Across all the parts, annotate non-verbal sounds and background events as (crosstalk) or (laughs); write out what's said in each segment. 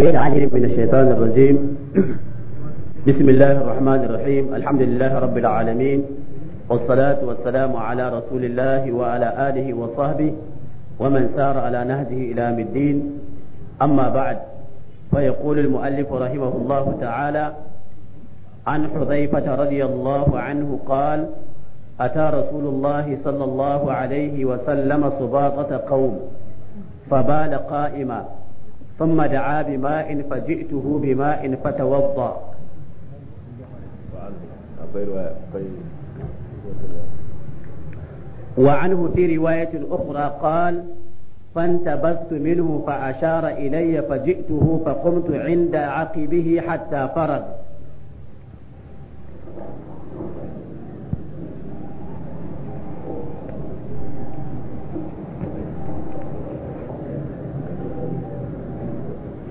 من الشيطان الرجيم (clears throat) بسم الله الرحمن الرحيم الحمد لله رب العالمين والصلاة والسلام على رسول الله وعلى آله وصحبه ومن سار على نهجه إلى الدين أما بعد فيقول المؤلف رحمه الله تعالى عن حذيفة رضي الله عنه قال أتى رسول الله صلى الله عليه وسلم صباغة قوم فبال قائما ثم دعا بماء فجئته بماء فتوضا وعنه في رواية أخرى قال فانتبذت منه فأشار إلي فجئته فقمت عند عقبه حتى فرغ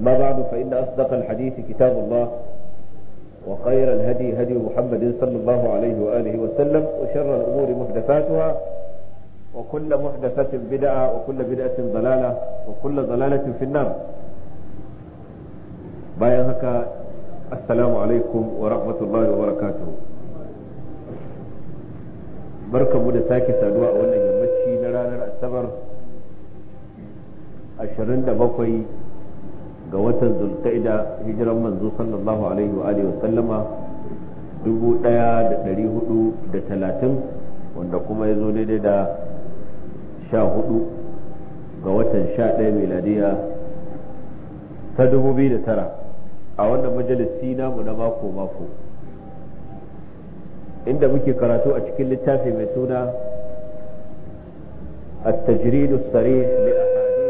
أما بعد فإن أصدق الحديث كتاب الله وخير الهدي هدي محمد صلى الله عليه وآله وسلم وشر الأمور محدثاتها وكل محدثة بدعة وكل بدعة ضلالة وكل ضلالة في النار بايهك السلام عليكم ورحمة الله وبركاته wa barakatuhu barkamu da sake نرى a wannan yammaci ga watan zulqa'ida hijiran manzo sallallahu alaihi wa alihi wa sallama 1430 wanda kuma ya zo daidai da 14 ga watan 11 miladiya ta 2009 a wannan majalisi namu na mako mako inda muke karatu a cikin littafi mai suna التجريد الصريح لأحاديث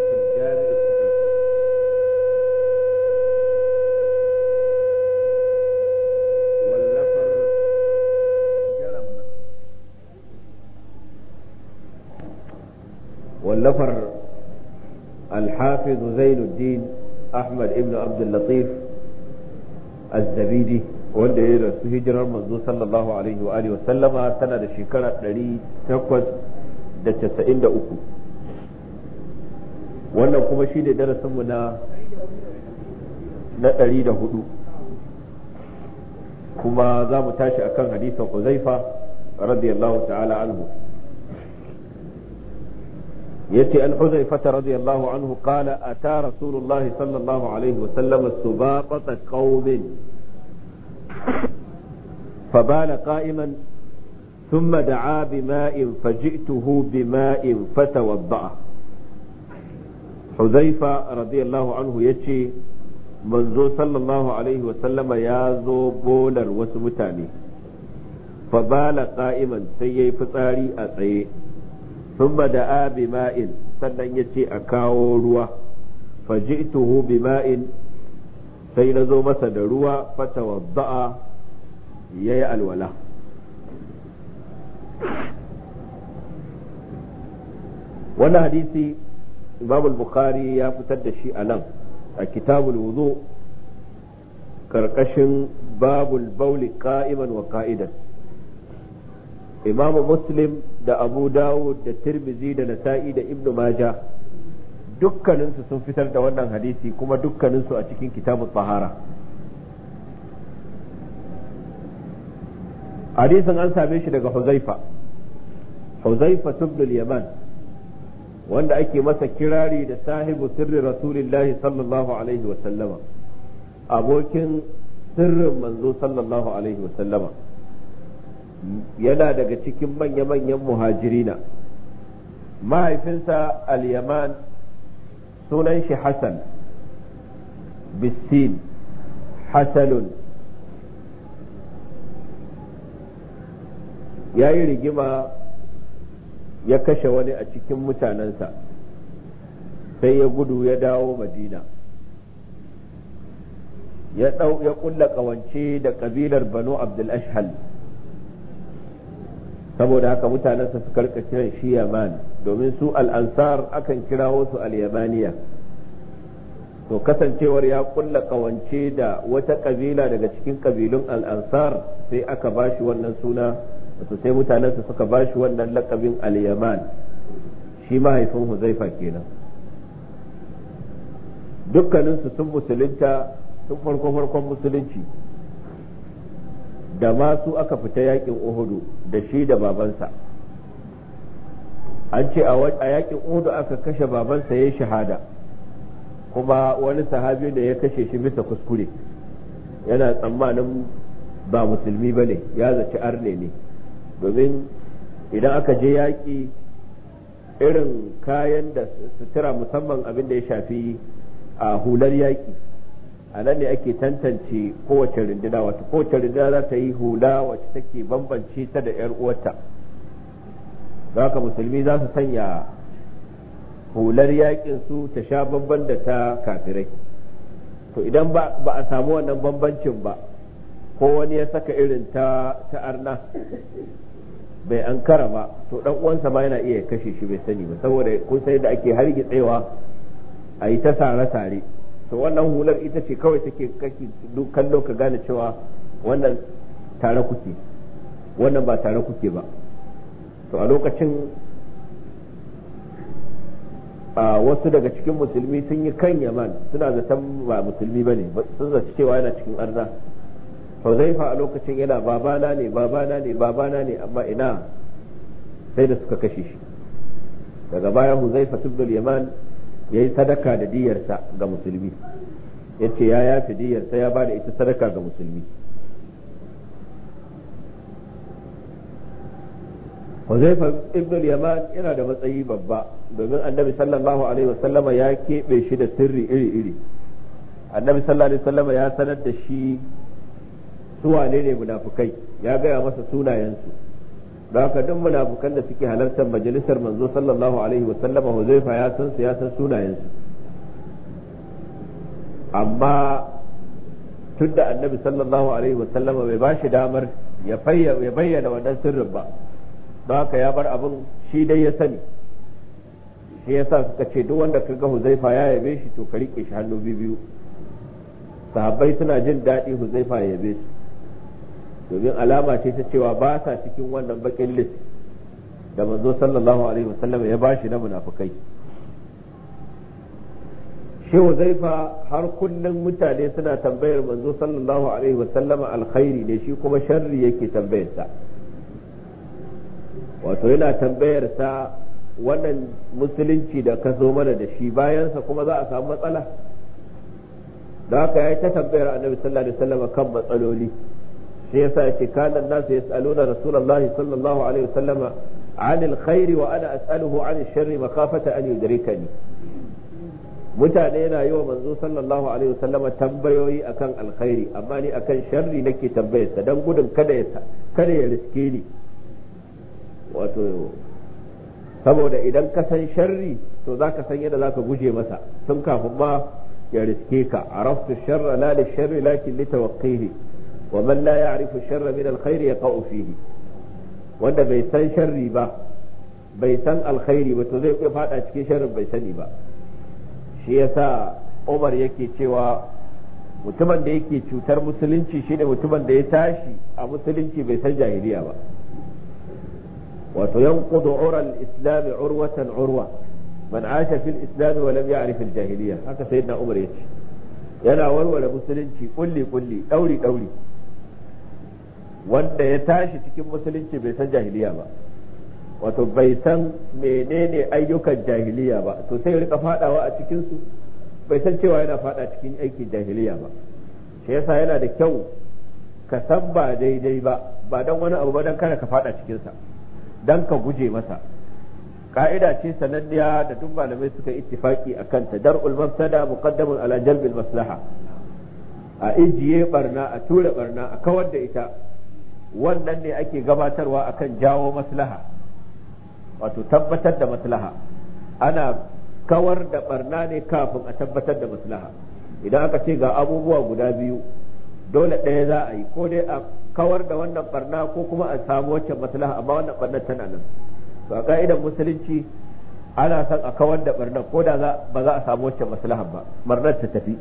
wallafar alhafiz zainuddin ahmad ibnu abdul latif zabidi wanda ya rasu hijirar manzo sallallahu alaihi wa alihi sallama tana da shekara 893 wannan kuma shi ne darasinmu na na 104 kuma za mu tashi akan hadisin Uzaifa radiyallahu ta'ala anhu yace an huzaifa radiyallahu anhu qala ata rasulullah sallallahu alaihi wa sallam subaqata qaumin فبال قائما ثم دعا بماء فجئته بماء فتوضأ حذيفة رضي الله عنه يتشي منذ صلى الله عليه وسلم يازو بولر وسمتاني فبال قائما سيي فتاري أتعيه thumma da'a bima'in sannan yace a kawo ruwa faji'tuhu bima'in sai na zo masa da ruwa ya yayi alwala wannan hadisi imamul bukhari ya fitar da shi a nan a kitabul wudu karkashin babul bauli ka'iman wa ka'idan imamu muslim da abu dawud da tirmizi da nasa'i da ibnu maja dukkaninsu sun fitar da wannan hadisi kuma dukkaninsu a cikin kitabun tsahara hadisin an same shi daga huzaifa huzaifa ibn yaman wanda ake masa kirari da sahibu sirri rasulillahi sallallahu alaihi wasallama abokin sirrin manzo sallallahu alaihi wasallama yana daga cikin manya-manyan muhajirina mahaifinsa al-yaman sunan shi hassan bisin hassanun ya yi rigima ya kashe wani a cikin mutanensa sai ya gudu ya dawo madina ya ƙulla ƙawance da ƙabilar banu abdul ashhal saboda haka mutanensa suka rika kiran shi yaman domin su al'ansar akan kira wasu al to kasancewar ya kulla kawance da wata kabila daga cikin kabilun al'ansar sai aka bashi wannan suna wato sai mutanensa suka bashi wannan lakabin al shi mahaifin huzaifa kenan dukkaninsu sun musulunta sun farko farkon musulunci da masu aka fita yakin uhudu da shi da babansa an ce a yakin uhudu aka kashe babansa ya shahada kuma wani sahabi da ya kashe shi bisa kuskure yana tsammanin ba musulmi ba ne ya zaci arne ne domin idan aka je yaƙi irin kayan da sutura musamman abin da ya shafi a hular yaƙi a nan ne ake tantance kowace rindina wata kowace rinduna za ta yi hula wacce take bambance ta da yar uwarta ka musulmi za su sanya hular yakin su ta sha bamban da ta kafirai to idan ba a samu wannan bambancin ba ko wani ya saka irin ta ta arna bai an kara ba to dan uwansa ma yana iya kashe shi bai sani ba saboda kun sai da ake hargitsewa a yi ta sare-sare to wannan hular ita ce kawai take kake duk kallo ka gane cewa wannan tare kuke wannan ba tare kuke ba to a lokacin a wasu daga cikin musulmi sun yi kan yaman suna zaton ba musulmi ba ne sun zaci cewa yana cikin zai fa a lokacin yana babana ne babana ne babana ne amma ina sai da suka kashe shi daga baya huzaifa tubdul yaman ya yi sadaka da diyarsa ga musulmi ya ce ya yafi diyarsa ya ba da ita sadaka ga musulmi huzaifar ibn yaman yana da matsayi babba domin annabi sallallahu alaihi wasallama ya keɓe shi da sirri iri-iri annabi sallallahu alaihi wasallama ya sanar da shi su wane ne munafukai ya gaya masa sunayensu da haka duk munafukan da suke halartar majalisar manzo sallallahu alaihi wasallama huzaifa ya san su ya san sunayensu amma tun da annabi sallallahu alaihi wasallama bai ba shi damar ya bayyana wannan sirrin ba don haka ya bar abun shi dai ya sani shi yasa suka ce duk wanda ka ga huzaifa ya yabe shi to ka rike shi hannu biyu sahabbai suna jin daɗi huzaifa ya yabe su domin alama ce ta cewa ba sa cikin wannan bakin list da manzo sallallahu alaihi wasallam ya ba shi na munafukai shi zaifa har kunnen mutane suna tambayar manzo sallallahu alaihi wasallam alkhairi ne shi kuma sharri yake tambayar sa wato yana tambayar sa wannan musulunci da ka zo mana da shi bayansa kuma za a samu matsala da haka ya ta tambayar annabi sallallahu alaihi wasallam kan matsaloli shi yasa yace kana nasu da rasulullahi sallallahu alaihi wasallam anil alkhairi wa ana as'aluhu anil sharri makhafata an yudrikani mutane na yi wa manzo sallallahu alaihi wasallam tambayoyi akan alkhairi amma ni akan sharri nake tambayar sa dan gudun kada ya sa kada ya riske ni wato saboda idan ka san sharri to zaka san yadda zaka guje masa tun kafin ma ya riske ka araftu sharra la li sharri lakin li tawqihi wa man la ya'rifu sharra min alkhair yaqa'u fihi wanda bai san sharri ba bai san alkhairi ba to zai iya fada cikin sharrin bai sani ba shi yasa Umar yake cewa mutumin da yake cutar musulunci shi ne mutumin da ya tashi a musulunci bai san jahiliya ba wato yanqudu ura al-islam urwatan urwa man asha fil islam wa lam ya'rif al-jahiliya haka sayyidina Umar yace yana warware musulunci kulli kulli dauri dauri wanda ya tashi cikin musulunci bai san jahiliya ba wato bai san menene ayyukan jahiliya ba to sai rika fadawa a cikin su bai san cewa yana fada cikin aikin jahiliya ba shi yasa yana da kyau ka san ba daidai ba ba dan wani abu ba dan kada ka fada cikin sa dan ka guje masa ka'ida ce sananniya da duk malamai suka ittifaki akan ta dar'ul mafsada muqaddamun ala jalbil maslaha a ijiye barna a tura barna a kawar da ita wannan ne ake gabatarwa akan jawo maslaha wato tabbatar da maslaha ana kawar da barna ne kafin a tabbatar da maslaha idan aka ce ga abubuwa guda biyu dole ɗaya za a yi ko dai a kawar da wannan barna ko kuma a samu waccan maslaha amma wannan barnar tana nan to a ka'idar musulunci ana son a kawar da barna ko da ba za a samu waccan maslaha ba barnar ta tafi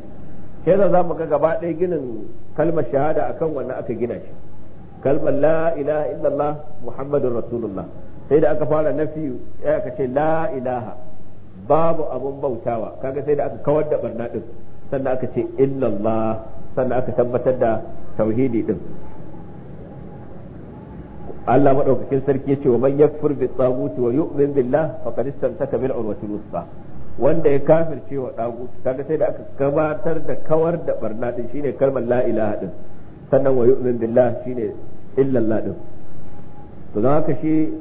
sai za mu ga gaba ɗaya ginin kalmar shahada akan wannan aka gina shi kalmar la ilaha illallah muhammadur rasulullah sai da aka fara nafi aka ce la ilaha babu abun bautawa kaga sai da aka kawar da barna din sannan aka ce illallah sannan aka tabbatar da tauhidi din Allah madaukakin sarki ya ce wa man yakfur bi tsaguti wa yu'min billah faqad istamsaka bil urwatil wusta wanda ya kafirce wa daguti kaga sai da aka gabatar da kawar da barna din shine kalmar la ilaha din sannan wa yu'min billah shine illallah din to don haka shi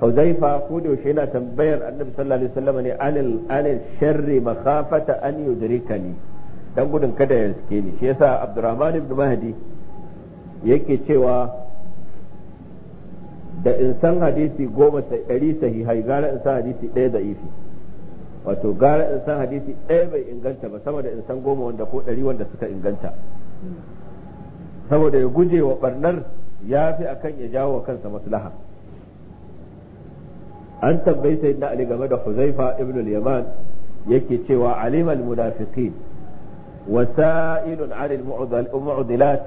Huzaifa ko da yaushe yana tambayar Annabi sallallahu alaihi wasallam ne alil alil sharri makhafata an yudrikani dan gudun kada ya riske ni shi yasa Abdurrahman ibn Mahdi yake cewa da in san hadisi goma sai ɗari sahihai gara in san hadisi ɗaya da ifi wato gara in san hadisi ɗaya bai inganta ba sama da in san goma wanda ko ɗari wanda suka inganta saboda ya guje wa ɓarnar ya fi a kan ya jawo kansa maslaha an tambayi na ali game da huzaifa ibn al-yaman yake cewa alimal munafiqin وسائل عن المعضلات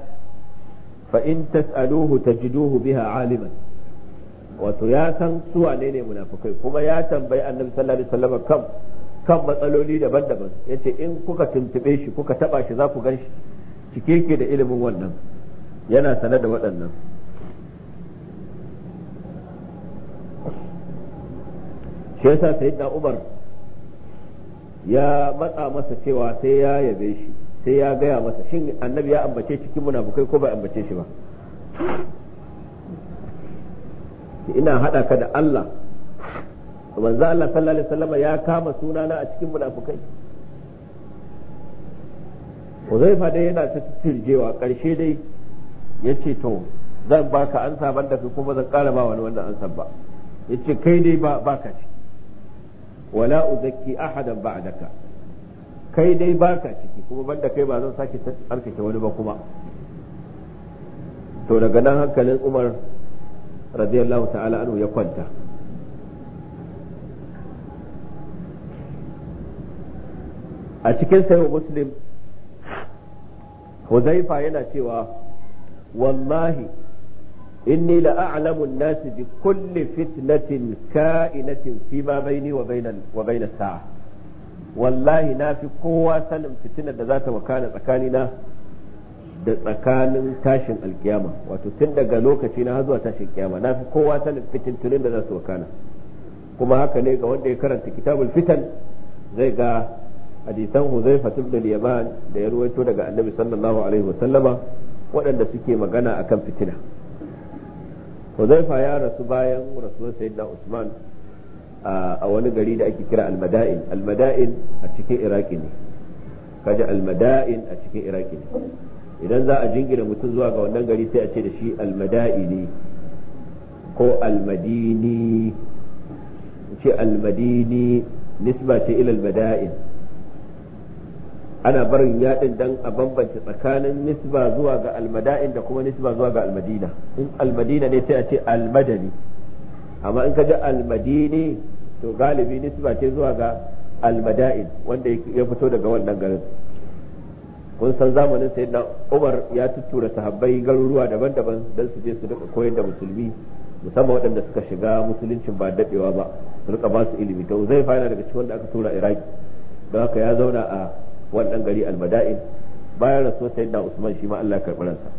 فإن تسألوه تجدوه بها عالما wato ya san su wane ne munafukai kuma ya tambayi annabi sallallahu alaihi wasallam kan kan matsaloli daban-daban yace in kuka tuntube shi kuka taba shi za ku gan shi cike ke da ilimin wannan yana sanar da waɗannan shi yasa sai da Umar ya matsa masa cewa sai ya yabe shi sai ya gaya masa shin annabi ya ambace cikin munafukai ko bai ambace shi ba ina hada ka da Allah manzo Allah sallallahu alaihi wasallam ya kama sunana a cikin munafukai Uzaifa dai yana ta tirjewa karshe dai yace to zan baka ansa banda kai kuma zan kara ba wani wannan ansa ba yace kai dai ba baka ci wala uzakki ahadan ba'daka kai dai baka ciki kuma banda kai ba zan sake tsarkake wani ba kuma to daga nan hankalin Umar radiyallahu ta'ala anhu ya kwanta a cikin sayo muslim huzaifa yana cewa wallahi inni la a'lamu an-nas bi kulli fitnatin ka'inatin fi baini wa bainal saa wallahi na fi kowa sanin fitinar da za ta wakana tsakanina da tsakanin tashin alkiyama wato tun daga lokaci na zuwa tashin kiyama na fi kowa sanin fitintunin da za su wakana kuma haka ne ga wanda ya karanta kitabul fitan zai ga hadisan huzaifa ibn yaman da ya ruwaito daga annabi sallallahu waɗanda suke magana a kan fitina huzaifa ya rasu bayan rasuwar sayyidina usman a wani gari da ake kira almada'in almada'in a cikin iraki ne kaji almada'in a cikin iraki ne idan za a jingina mutum zuwa ga wannan gari sai a ce da shi almadaini ko almadini ce almadini nisba ce ila almada'in ana barin yaɗin dan a bambance tsakanin nisba zuwa ga almada'in da kuma nisba zuwa ga almadina in almadina ne sai a ce almadani amma in ka ga almadini to galibi nisba ce zuwa ga almada'in wanda ya fito daga wannan garin kun san zamanin sai na umar ya tuttura sahabbai garuruwa daban-daban don su je su rika koyar da musulmi musamman waɗanda suka shiga musuluncin ba daɗewa ba su rika ba su ilimi to zai fara daga cikin wanda aka tura iraki don haka ya zauna a wannan gari almada'in bayan rasuwar da usman shi ma Allah karɓi ransa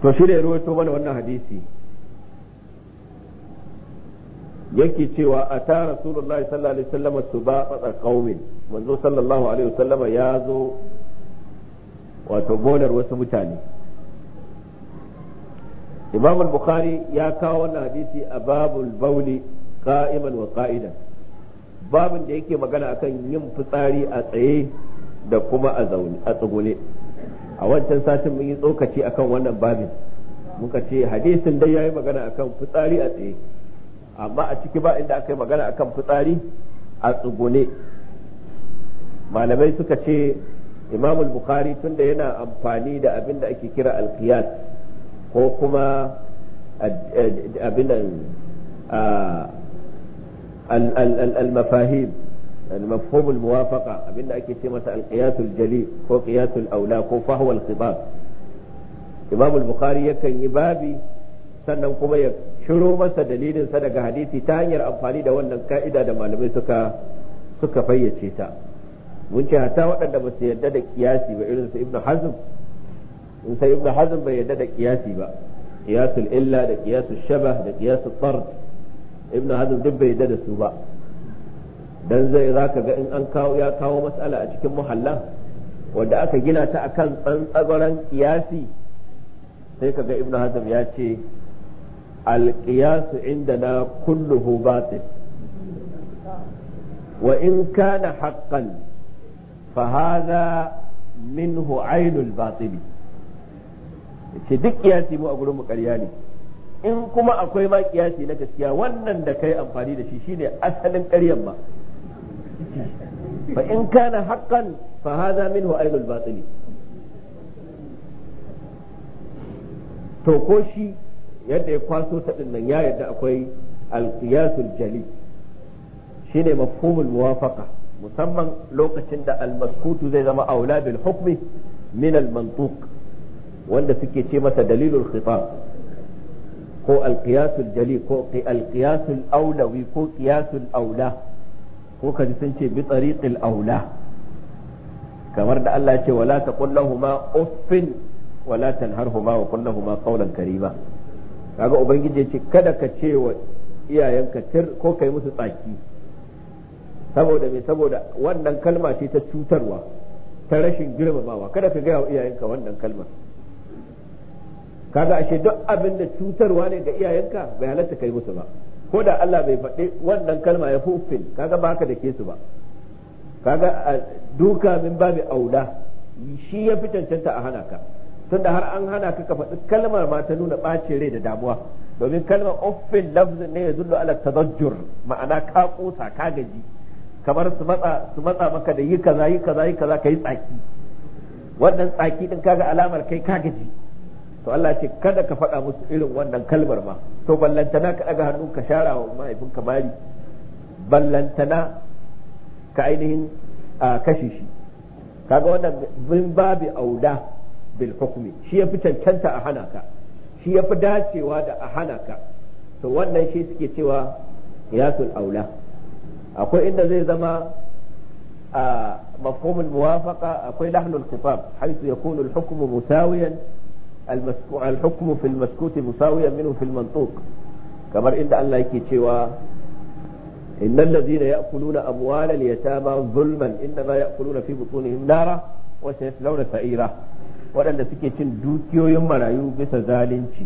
to shi da ruwaito mana wannan hadisi yake cewa a ta rasulullah sallallahu alaihi wasallam su ba tsatsa qaumin manzo sallallahu alaihi wasallam ya zo wato gonar wasu mutane imam al-bukhari ya kawo wannan hadisi a babul bauli qa'iman wa qa'idan babin da yake magana akan yin fitsari a tsaye da kuma a tsugune a wancan satin mun yi tsokaci akan wannan babin muka ce hadisin dai yayi magana akan fitsari a tsaye amma a ciki ba inda aka yi magana akan fitsari a tsugune malamai suka ce imam bukhari tunda yana amfani da abin da ake kira alkiyas ko kuma eh, eh, abin da. al-mafahim al abinda ake ce masa al jali ko qiyas aula ko fahwal al-khitab bukhari yakan yi babi sannan kuma ya shiro masa dalilin sa daga hadisi ta hanyar amfani da wannan ka'ida da malamai suka suka fayyace ta mun ce hatta waɗanda ba su yarda da kiyasi ba irin su ibnu hazm in sai ibnu hazm bai yarda da kiyasi ba qiyasul illa da qiyasul shabah da qiyasul tard ibn hazm duk bai da su ba dan zai zaka ga in an kawo ya kawo matsala a cikin muhalla wanda aka gina ta akan tsantsagoran kiyasi sai ga ibn hazm ya ce القياس عندنا كله باطل وإن كان حقا فهذا منه عين ce duk kiyasi mu a gurin mu ƙarya ne in kuma akwai ma kiyasi na gaskiya wannan da kai amfani da shi shine asalin ƙaryan ba fa in kana haqqan fa hadha minhu ainul batili to ko shi yadda ya kwaso ta nan ya yadda akwai alqiyasul jali shine mafhumul muwafaqa musamman lokacin da almaskutu zai zama aula bil hukmi min al mantuq wanda suke ce masa dalilul khitab ko alqiyasul jali ko alqiyasul aulawi ko qiyasul aula ko kaji sun ce bi tariqil aula kamar da Allah ya ce wala taqul ma uffin wala tanharhuma wa qul qawlan karima kaga ubangiji ya ce kada ka ce wa iyayenka tir ko kai musu tsaki saboda me saboda wannan kalma ce ta cutarwa ta rashin girmamawa kada ka gaya wa iyayenka wannan kalmar kaga ashe duk abin da cutarwa ne ga iyayenka bai halatta kai musu ba ko da Allah bai faɗi wannan kalma ya fufin kaga ba haka da ke su ba kaga duka min babi aula shi ya fi cancanta a hana ka tunda har an hana ka ka faɗi kalmar ma ta nuna ɓacin rai da damuwa domin kalmar uffin lafzin ne ya zullu ala tadajjur ma'ana ka kosa ka gaji kamar su matsa su matsa maka da yi kaza yi kaza yi kaza kai tsaki wannan tsaki din kaga alamar kai ka gaji to Allah ce kada ka faɗa musu irin wannan kalmar ma to ballantana ka ɗaga hannu ka shara wa mahaifinka mari ballantana ka ainihin kashe shi kaga wannan bin babi auda bil hukmi shi yafi cancanta a hana ka shi yafi dacewa da a hana ka to wannan shi suke cewa yasul aula akwai inda zai zama a mafhumul muwafaqa akwai lahnul khifaf haythu yakunu al hukmu musawiyan الحكم في المسكوت مساويا منه في المنطوق كما إن الله يكي إن الذين يأكلون أموال اليتامى ظلما إنما يأكلون في بطونهم نارا وسيصلون سعيرا waɗanda suke cin dukiyoyin marayu bisa zalunci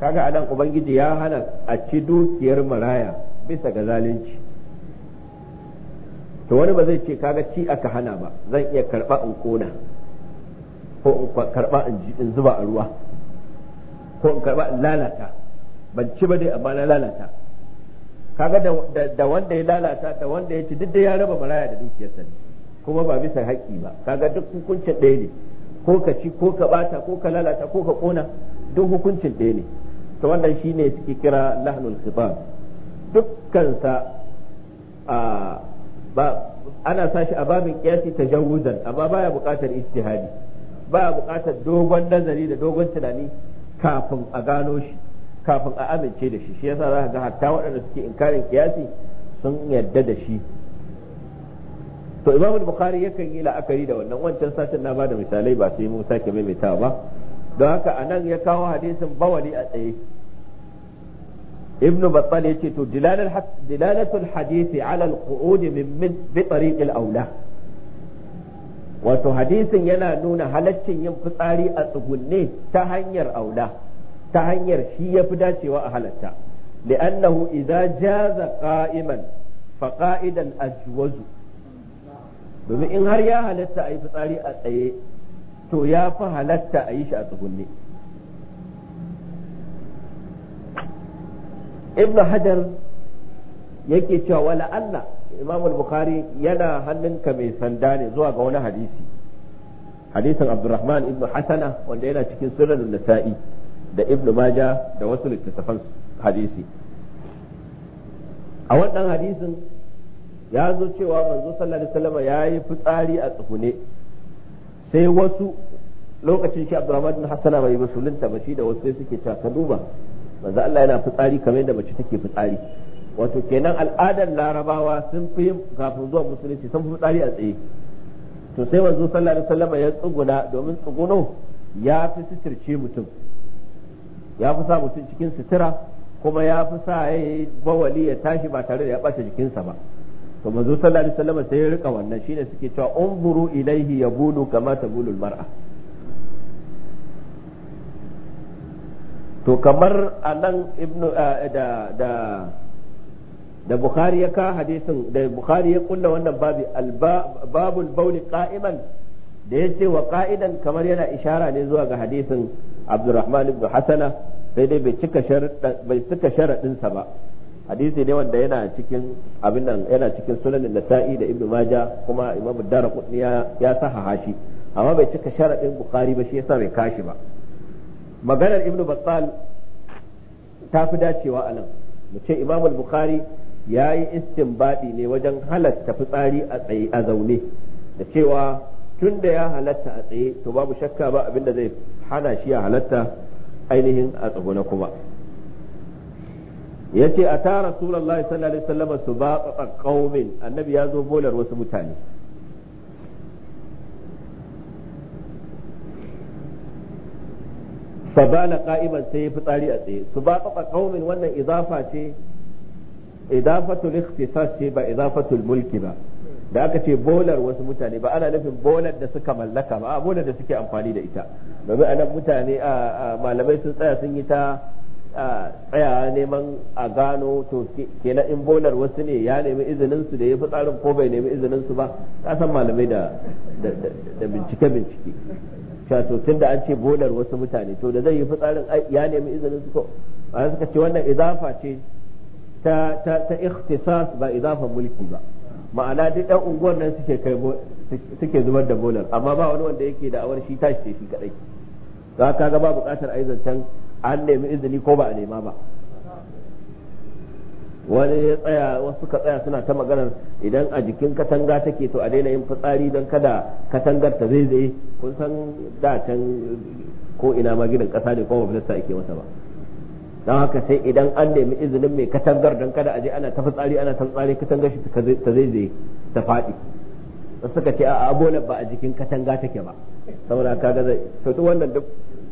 kaga anan ubangiji ya hana a ci dukiyar maraya bisa ga zalunci to wani ba zai ce kaga ci aka hana ba zan iya karɓa in kona ko in karba in zuba a ruwa ko in karba in lalata ban ci ba dai amma na lalata kaga da wanda ya lalata da wanda ya ci duk da ya raba maraya da dukiyarsa ne kuma ba bisa haƙƙi ba kaga duk hukuncin ɗaya ne ko ka ci ko ka bata ko ka lalata ko ka kona duk hukuncin ɗaya ne to wannan shine suke kira lahnul khitab dukkan sa a ba ana sashi a babin kiyasi tajawuzan amma baya buƙatar ijtihadi ba bukatar dogon nazari da dogon tunani kafin a gano shi kafin a amince da shi shi yasa za ka ga hatta waɗanda suke inkarin kiyasi sun yarda da shi to imam bukhari yakan yi la'akari da wannan wancan satin na bada misalai ba sai mun sake maimaitawa ba don haka anan ya kawo hadisin bawali a tsaye ibnu battal ce to dilalatul hadisi ala al-qu'ud min bi tariq al-awla wato hadisin yana nuna halaccin yin fitsari a tsugunne ta hanyar aula ta hanyar shi ya fi dacewa a halatta li'annahu idza jaza qa'iman fa qa'idan ajwazu domin in har ya halatta a yi fitsari a tsaye to ya fi halatta a yi shi a tsugunne ibn hajar yake cewa wala Allah imam bukhari yana hannunka mai sanda ne zuwa ga wani hadisi hadisin abdurrahman ibn hasana wanda yana cikin sirrin nasa'i da ibn maja da wasu littattafan hadisi a wannan hadisin ya zo cewa manzo sallallahu alaihi wasallam ya yi fitsari a tsugune sai wasu lokacin shi abdurrahman ibn hasana bai musulunta ba shi da wasu sai suke cewa duba manzo Allah yana fitsari kamar yadda mace take fitsari wato kenan al'adar larabawa sun fi kafin zuwa musulunci sun fi tsari a tsaye to sai wanzu sallallahu alaihi wasallam ya tsuguna domin tsuguno ya fi sitirce mutum ya fi sa mutum cikin sitira kuma ya fi sa ya bawali ya tashi ba tare da ya ɓata jikinsa ba to manzo sallallahu alaihi wasallam sai ya rika wannan shine suke cewa umburu ilaihi yabulu kama tabulul mar'a to kamar anan ibnu eh, da da da bukhari ya ka hadisin da bukhari ya kulla wannan babi babul bauli qa'iman da yace wa qa'idan kamar yana ishara ne zuwa ga hadisin abdurrahman ibn hasana sai dai bai cika bai cika sharadin sa ba hadisi ne wanda yana cikin abin nan yana cikin sunan nasa'i da ibnu maja kuma imam ad-darqutni ya ya sahaha shi amma bai cika sharadin bukhari ba shi yasa bai kashi ba maganar ibnu battal ta fi dacewa a nan mu ce imam bukhari ya yi baɗi ne wajen halatta fitsari a tsaye a zaune da cewa tun da ya halatta a tsaye to babu shakka ba abinda zai hana shi ya halatta ainihin a na kuma ya ce a ta rasulallah sallallahu alaihi wasallam su ba qaumin annabi ya zo bolar wasu mutane fa sai ya sai fitsari a tsaye su ba ƙaumin wannan izafa ce idafatul ikhtisas ce ba idafatul mulki ba da aka ce bolar wasu mutane ba ana nufin bolar da suka mallaka ba a bolar da suke amfani da ita domin anan mutane a malamai sun tsaya sun yi ta tsayawa neman a gano to kenan in bolar wasu ne ya nemi izinin su da ya fi tsarin ko bai nemi izinin su ba ka san malamai da da bincike bincike cewa to tunda an ce bolar wasu mutane to da zai yi fitsarin ya nemi izinin su ko a suka ce wannan idafa ce ta ta ikhtisas ba idafan mulki ba ma'ana duk ɗan unguwar nan suke kai suke zubar da bolar amma ba wani wanda yake da awar shi tashi shi shi kadai za ka ga ba buƙatar ai zancen an nemi izini ko ba a nema ba wani ya tsaya wasu ka tsaya suna ta maganar idan a jikin katanga take to a daina yin fitsari don kada katangar ta zai zai kun san da can ko ina ma gidan kasa ne ko ba filasta ake masa ba don haka sai idan an nemi izinin mai katangar don kada aje ana ta fitsari ana ta fitsari katangar shi ta zai zai ta faɗi suka ce a abonar ba a jikin katanga take ba saboda kaga zai to duk wannan duk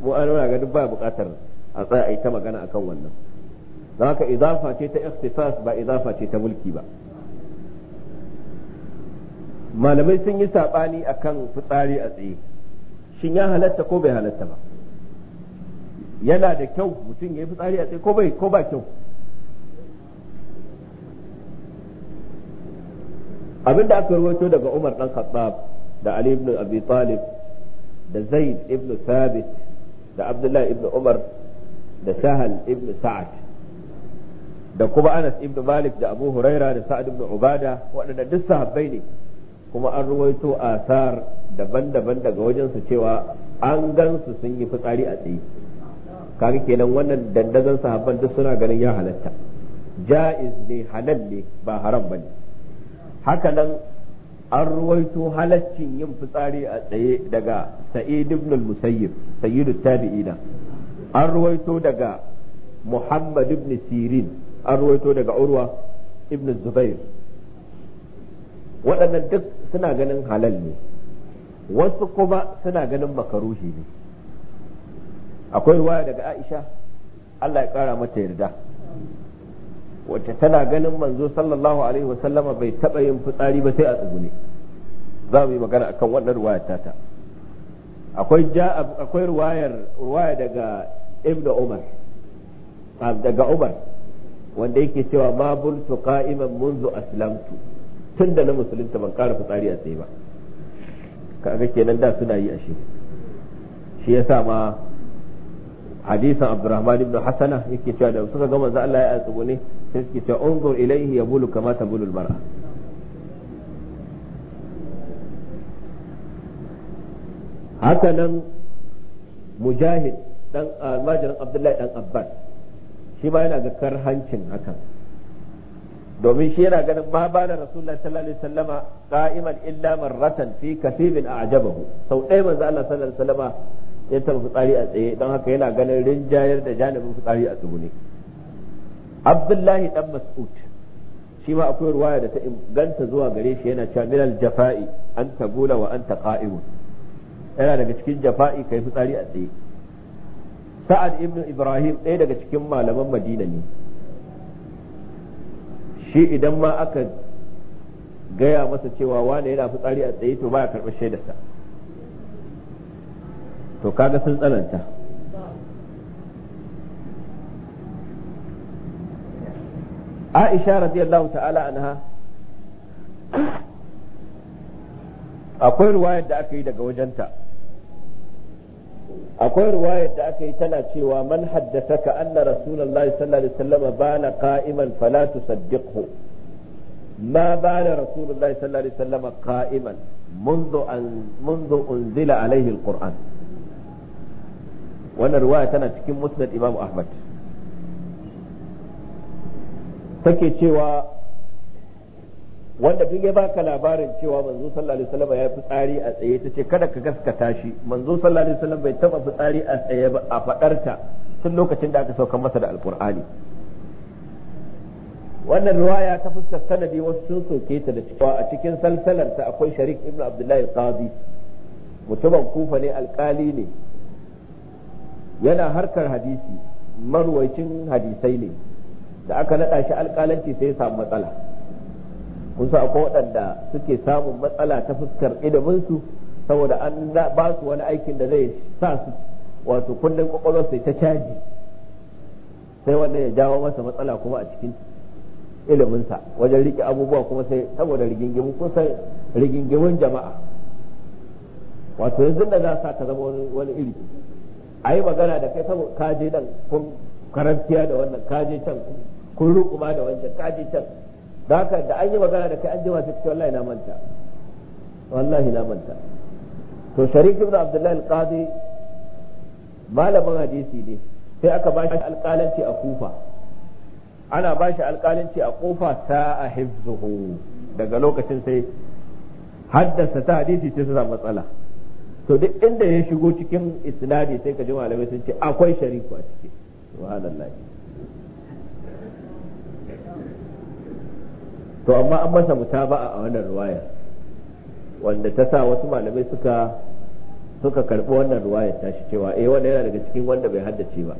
mu'amala ga duk ba buƙatar a tsaya a yi ta magana akan wannan don haka izafa ce ta ikhtisas ba izafa ce ta mulki ba malamai sun yi saɓani akan fitsari a tsaye shin ya halatta ko bai halatta ba yana da kyau mutum ya yi fitsari a tsaye ko bai ko ba kyau abinda aka rawaito daga Umar dan Khattab da Ali ibn Abi Talib da Zaid ibn Thabit da Abdullah ibn Umar da Sahal ibn Sa'ad da kuma Anas ibn Malik da Abu Huraira da Sa'ad ibn Ubada waɗanda duk sahabbai ne kuma an ruwaito asar daban-daban daga wajensu cewa an gansu sun yi fitsari a tsaye kaga kenan wannan dandazon sahabban duk suna ganin ya halatta ja'iz ne halal ne ba haram ba ne haka nan an ruwaito halaccin yin fitsari a tsaye daga sa'id ibn al-musayyib sayyidu tabi'ina an ruwaito daga muhammad ibn sirin an ruwaito daga urwa ibn zubair waɗannan duk suna ganin halal ne wasu kuma suna ganin makaruhi ne akwai ruwaya daga Aisha Allah ya kara mata yarda wacce tana ganin manzo sallallahu alaihi wasallama bai taba yin fitsari ba sai a tsugune za mu yi magana akan wannan ruwayar tata akwai akwai ruwayar ruwaya daga Ibn Umar daga Umar wanda yake cewa ma buntu qa'iman munzu aslamtu tunda na musulunta ban kara fitsari a tsaye ba kaga kenan da suna yi ashe shi yasa ma hadisan abdurrahman ibn hasana yake cewa da suka ga manzo Allah ya tsugune sai suke cewa unzur kama haka nan mujahid dan ah, almajirin abdullahi dan abbas shi ma yana ga karhancin hakan domin shi yana ganin ma da rasulullahi sallallahu alaihi wasallama qa'iman illa marratan fi kasibin a'jabahu sau ɗaya manzo Allah sallallahu alaihi wasallama ya taɓa fitsari a tsaye don haka yana ganin rinjayar da janibin fitsari a tsugune abdullahi dan mas'ud shi ma akwai ruwaya da ta inganta zuwa gare shi yana cewa minal jafa'i an tabula wa anta qa'imun yana daga cikin jafa'i kai fitsari a tsaye sa'ad ibn ibrahim ɗaya daga cikin malaman madina ne shi idan ma aka gaya masa cewa wane yana fitsari a tsaye to baya karɓar shaidarsa to kaga sun tsananta Aisha radiyallahu ta'ala anha akwai ruwayar da aka yi daga wajenta akwai ruwayar da aka yi tana cewa man haddasaka anna rasulullahi sallallahu alaihi wasallam bana qa'iman fala tusaddiqhu ما بال رسول sallallahu صلى الله عليه وسلم قائما منذ أن منذ أنزل عليه القرآن wannan ruwaya tana cikin musnad imam ahmad take cewa wanda duk ya baka labarin cewa manzo sallallahu alaihi wasallam ya fi tsari a tsaye ta kada ka gaskata shi manzo sallallahu alaihi wasallam bai taba fi tsari a tsaye ba a fadarta tun lokacin da aka sauka masa da alqur'ani wannan riwaya ta fuskar sanadi wasu sun soke ta da cewa a cikin salsalarta akwai sharik ibn abdullahi qadi mutumin kufa ne alkali ne yana harkar hadisi marwacin hadisai ne da aka naɗa shi alƙalanci sai ya samu matsala kun sa akwai waɗanda suke samun matsala ta fuskar iliminsu saboda an ba su wani aikin da zai sa su wato kullum kwakwalwar sai ta caji sai wannan ya jawo masa matsala kuma a cikin iliminsa wajen riƙe abubuwa kuma sai saboda rigingimu kusan rigingimun jama'a wato yanzu da za sa ka zama wani iri a yi magana da kai saboda kaji nan kun karantiya da wannan kaji can kun rukuma da wancan kaji can da haka da an yi magana da kai an jima sai cikin wallahi na manta wallahi na manta to sharik ibn abdullahi al-qadi malamin hadisi ne sai aka ba shi alƙalanci a kufa ana ba shi alƙalanci a kufa ta a hifzuhu daga lokacin sai haddasa ta hadisi ta samu matsala to duk inda ya shigo cikin isnadi sai ka ji malamai sun ce akwai shariku a ciki subhanallah to amma an masa mutaba'a a wannan ruwayar wanda ta sa wasu malamai suka suka karbi wannan ruwayar tashi cewa eh wannan yana daga cikin wanda bai haddace ba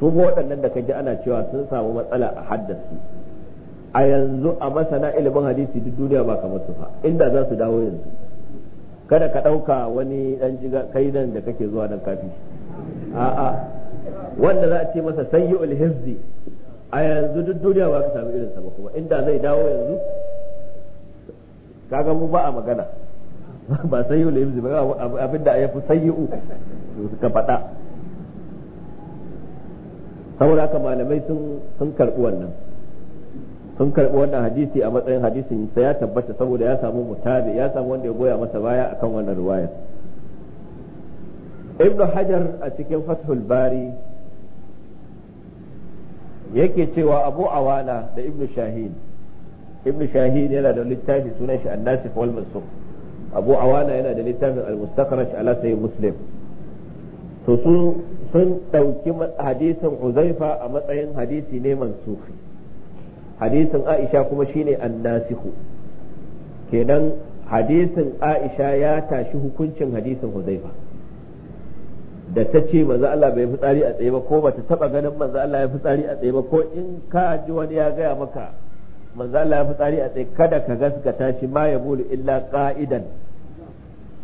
su waɗannan da ji ana cewa sun samu matsala a haddasu a yanzu a masana ilimin hadisi duk duniya ba kamar su fa inda za su dawo yanzu kada ka ɗauka wani ɗan jiga kai nan da kake zuwa nan kafi a'a wanda za a ce masa sayyul hizzi a yanzu duk duniya ba ka samu sa ba kuma inda zai dawo yanzu kaga mu ba a magana (laughs) ba sayyul hizzi ba da ya fi sayyu ka faɗa saboda haka malamai sun karɓi wannan sun karɓi wannan hadisi a matsayin hadisin sa ya tabbata saboda ya samu mutabi ya samu wanda ya goya masa baya akan wannan riwaya ibn hajar a cikin fathul bari yake cewa abu awala da ibn shahin ibn shahin yana da littafi sunan shi an wal mansukh abu awala yana da littafin al-mustakhraj ala sayyid muslim to su sun dauki hadisin uzaifa a matsayin hadisi ne mansufi hadisin aisha kuma shine annasihu kenan hadisin aisha ya tashi hukuncin hadisin huzaifa da ta ce manzo Allah bai fitsari a tsaye ba ko bata taba ganin manzo Allah ya fitsari a tsaye ba ko in ka ji wani ya gaya maka manzo Allah ya fitsari a tsaye kada ka gaskata shi ma ya bulu illa qa'idan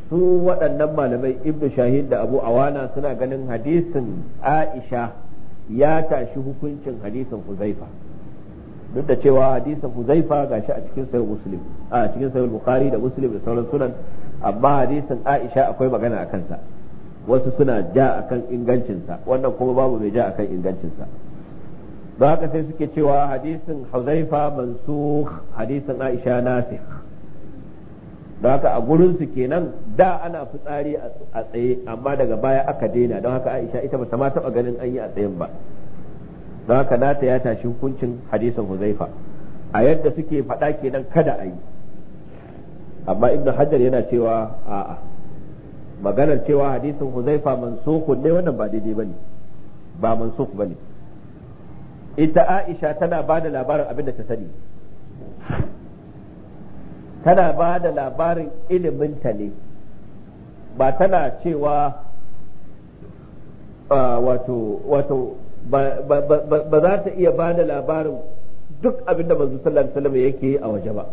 su waɗannan malamai ibnu shahid da abu awana suna ganin hadisin aisha ya tashi hukuncin hadisin huzaifa duk da cewa hadisin huzaifa gashi a cikin sahih muslim a cikin sahih bukhari da muslim da sauran sunan amma hadisin aisha akwai magana a kansa wasu suna ja akan ingancinsa wannan kuma babu mai ja akan ingancinsa don haka sai suke cewa hadisin huzaifa mansukh hadisin aisha nasikh don haka a gurinsu kenan da ana fitsari a tsaye amma daga baya aka daina don haka aisha ita ba ta ma taɓa ganin an yi a tsayen ba don haka nata ya tashi hukuncin hadisin huzaifa a yadda suke faɗa kenan kada a yi amma ibnu hajar yana cewa a'a maganar cewa hadisin huzaifa mansukun ne wannan ba daidai bane ba ba bane ita aisha tana ba da labarin abin da ta sani tana ba da labarin ta ne ba tana cewa ah, wato ba za ta iya bada labarin duk abinda manzo sallallahu alaihi wasallam yake a waje ba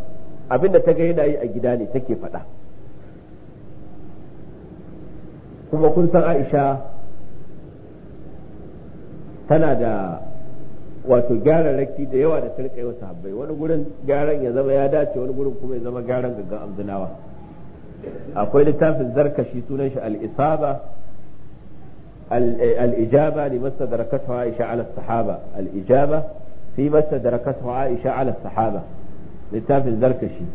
abin da ta ga yana yi a gida ne take faɗa kuma kun san Aisha tana da wato gyararraki da yawa da tarka yawa sahabbai wani gurin gyaran ya zama ya dace wani gurin kuma ya zama gyaran gaggan amzinawa akwai littafin zarkashi sunan shi al-isaba الإجابة لما استدركته عائشة على الصحابة الإجابة فيما استدركته عائشة على الصحابة littafin zarkashi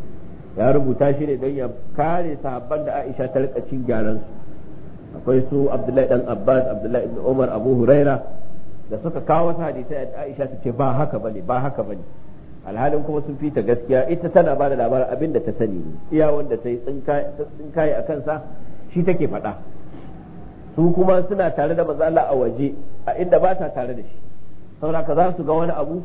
ya rubuta shi ne don ya kare sahabban da aisha ta rika cin gyaran su akwai su abdullahi dan abbas abdullahi umar abu huraira da suka kawo wasu hadisai da aisha ta ce ba haka bane ba haka bane alhalin kuma sun fita gaskiya ita tana bada labarin abin da ta sani iya wanda ta yi tsinkaye a kansa shi take faɗa su kuma suna tare da manzo a waje a inda ba ta tare da shi saboda ka za su ga wani abu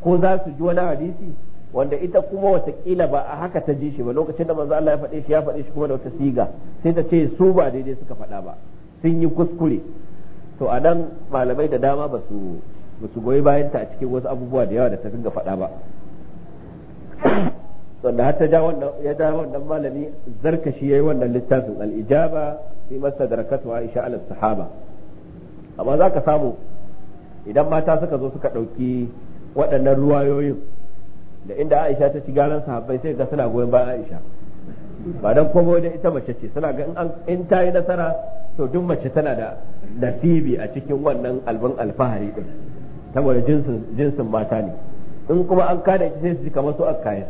ko za su ji wani hadisi wanda ita kuma watakila ba a haka ta ji shi ba lokacin da manzo Allah ya faɗe shi ya faɗe shi kuma da wata siga sai ta ce su ba daidai suka faɗa ba sun yi kuskure to a nan malamai da dama ba su ba su goyi bayan ta a cikin wasu abubuwa da yawa da ta dinga faɗa ba wanda har ta ja wannan ya ja wannan malami zarkashi yayi wannan littafin al-ijaba fi mastadrakatu Aisha ala sahaba amma za ka samu idan mata suka zo suka ɗauki waɗannan ruwayoyin da inda Aisha ta ci garan sahabbai sai ga suna goyon bayan Aisha ba dan komo da ita mace ce suna ga in ta yi nasara to duk mace tana da nasibi a cikin wannan albin alfahari din saboda jinsin mata ne in kuma an kada ita sai su ji kamar su an kayan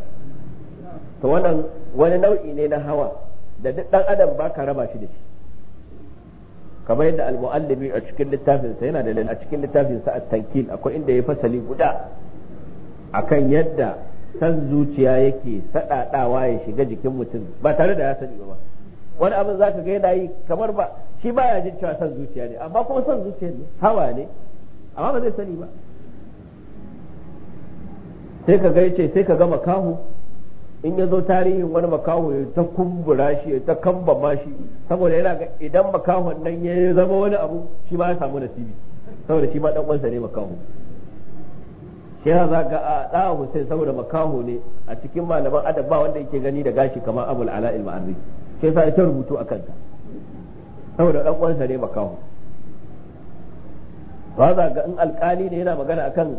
to wannan wani nau'i ne na hawa da duk dan adam ba ka raba shi da shi kamar yadda al-muallimi a cikin littafin sa yana da a cikin littafin sa at-tankil akwai inda ya fasali guda akan yadda san zuciya yake sadadawa ya shiga jikin mutum ba tare da ya sani ba wani abin zaka ga yana yi kamar ba shi baya jin cewa san zuciya ne amma kuma san zuciya ne hawa ne amma ba zai sani ba sai ka ga yace sai ka ga makahu in ya zo tarihin wani makaho ya ta kumbura shi ya ta ma shi saboda yana ga idan makahon nan ya zama wani abu shi ma ya samu nasibi saboda shi ma dan uwansa ne makaho shi ya za ga a da Hussein saboda makaho ne a cikin malaman adab ba wanda yake gani da gashi kamar Abul Ala al shi sai sa ya rubutu akan ta saboda dan uwansa ne makaho ba za ga in alkali ne yana magana akan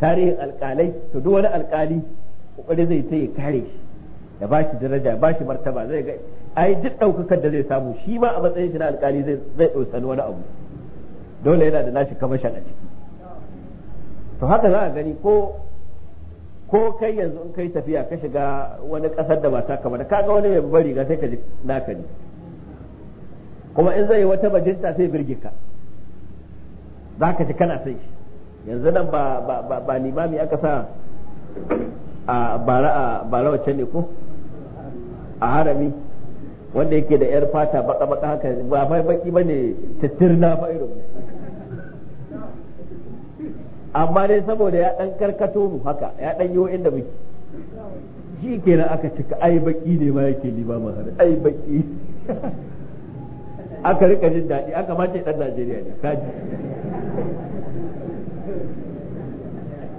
tarihin alkalai to duk wani alkali kokari zai ta ya kare shi ya ba shi daraja ya ba shi martaba zai ga ai duk daukakar da zai samu shi ma a matsayin shi na alkali zai zai dosan wani abu dole yana da nashi kamashan a ciki to haka za a gani ko ko kai yanzu in kai tafiya ka shiga wani kasar da ba ta kama da kaga wani mai bari ga sai ka ji naka ne kuma in zai wata bajinta sai birge ka za ka ji kana sai yanzu nan ba ba ba limami aka sa a bara a bara wacce ne ko a harami wanda yake da yar fata baka baka haka ba fai baki bane tattirna fa irin amma dai saboda ya dan karkato mu haka ya dan yi inda muke shi kenan aka cika ai baki ne ma yake liba ma har ai baki (laughs) aka rika jin dadi aka mace dan Najeriya ne kaji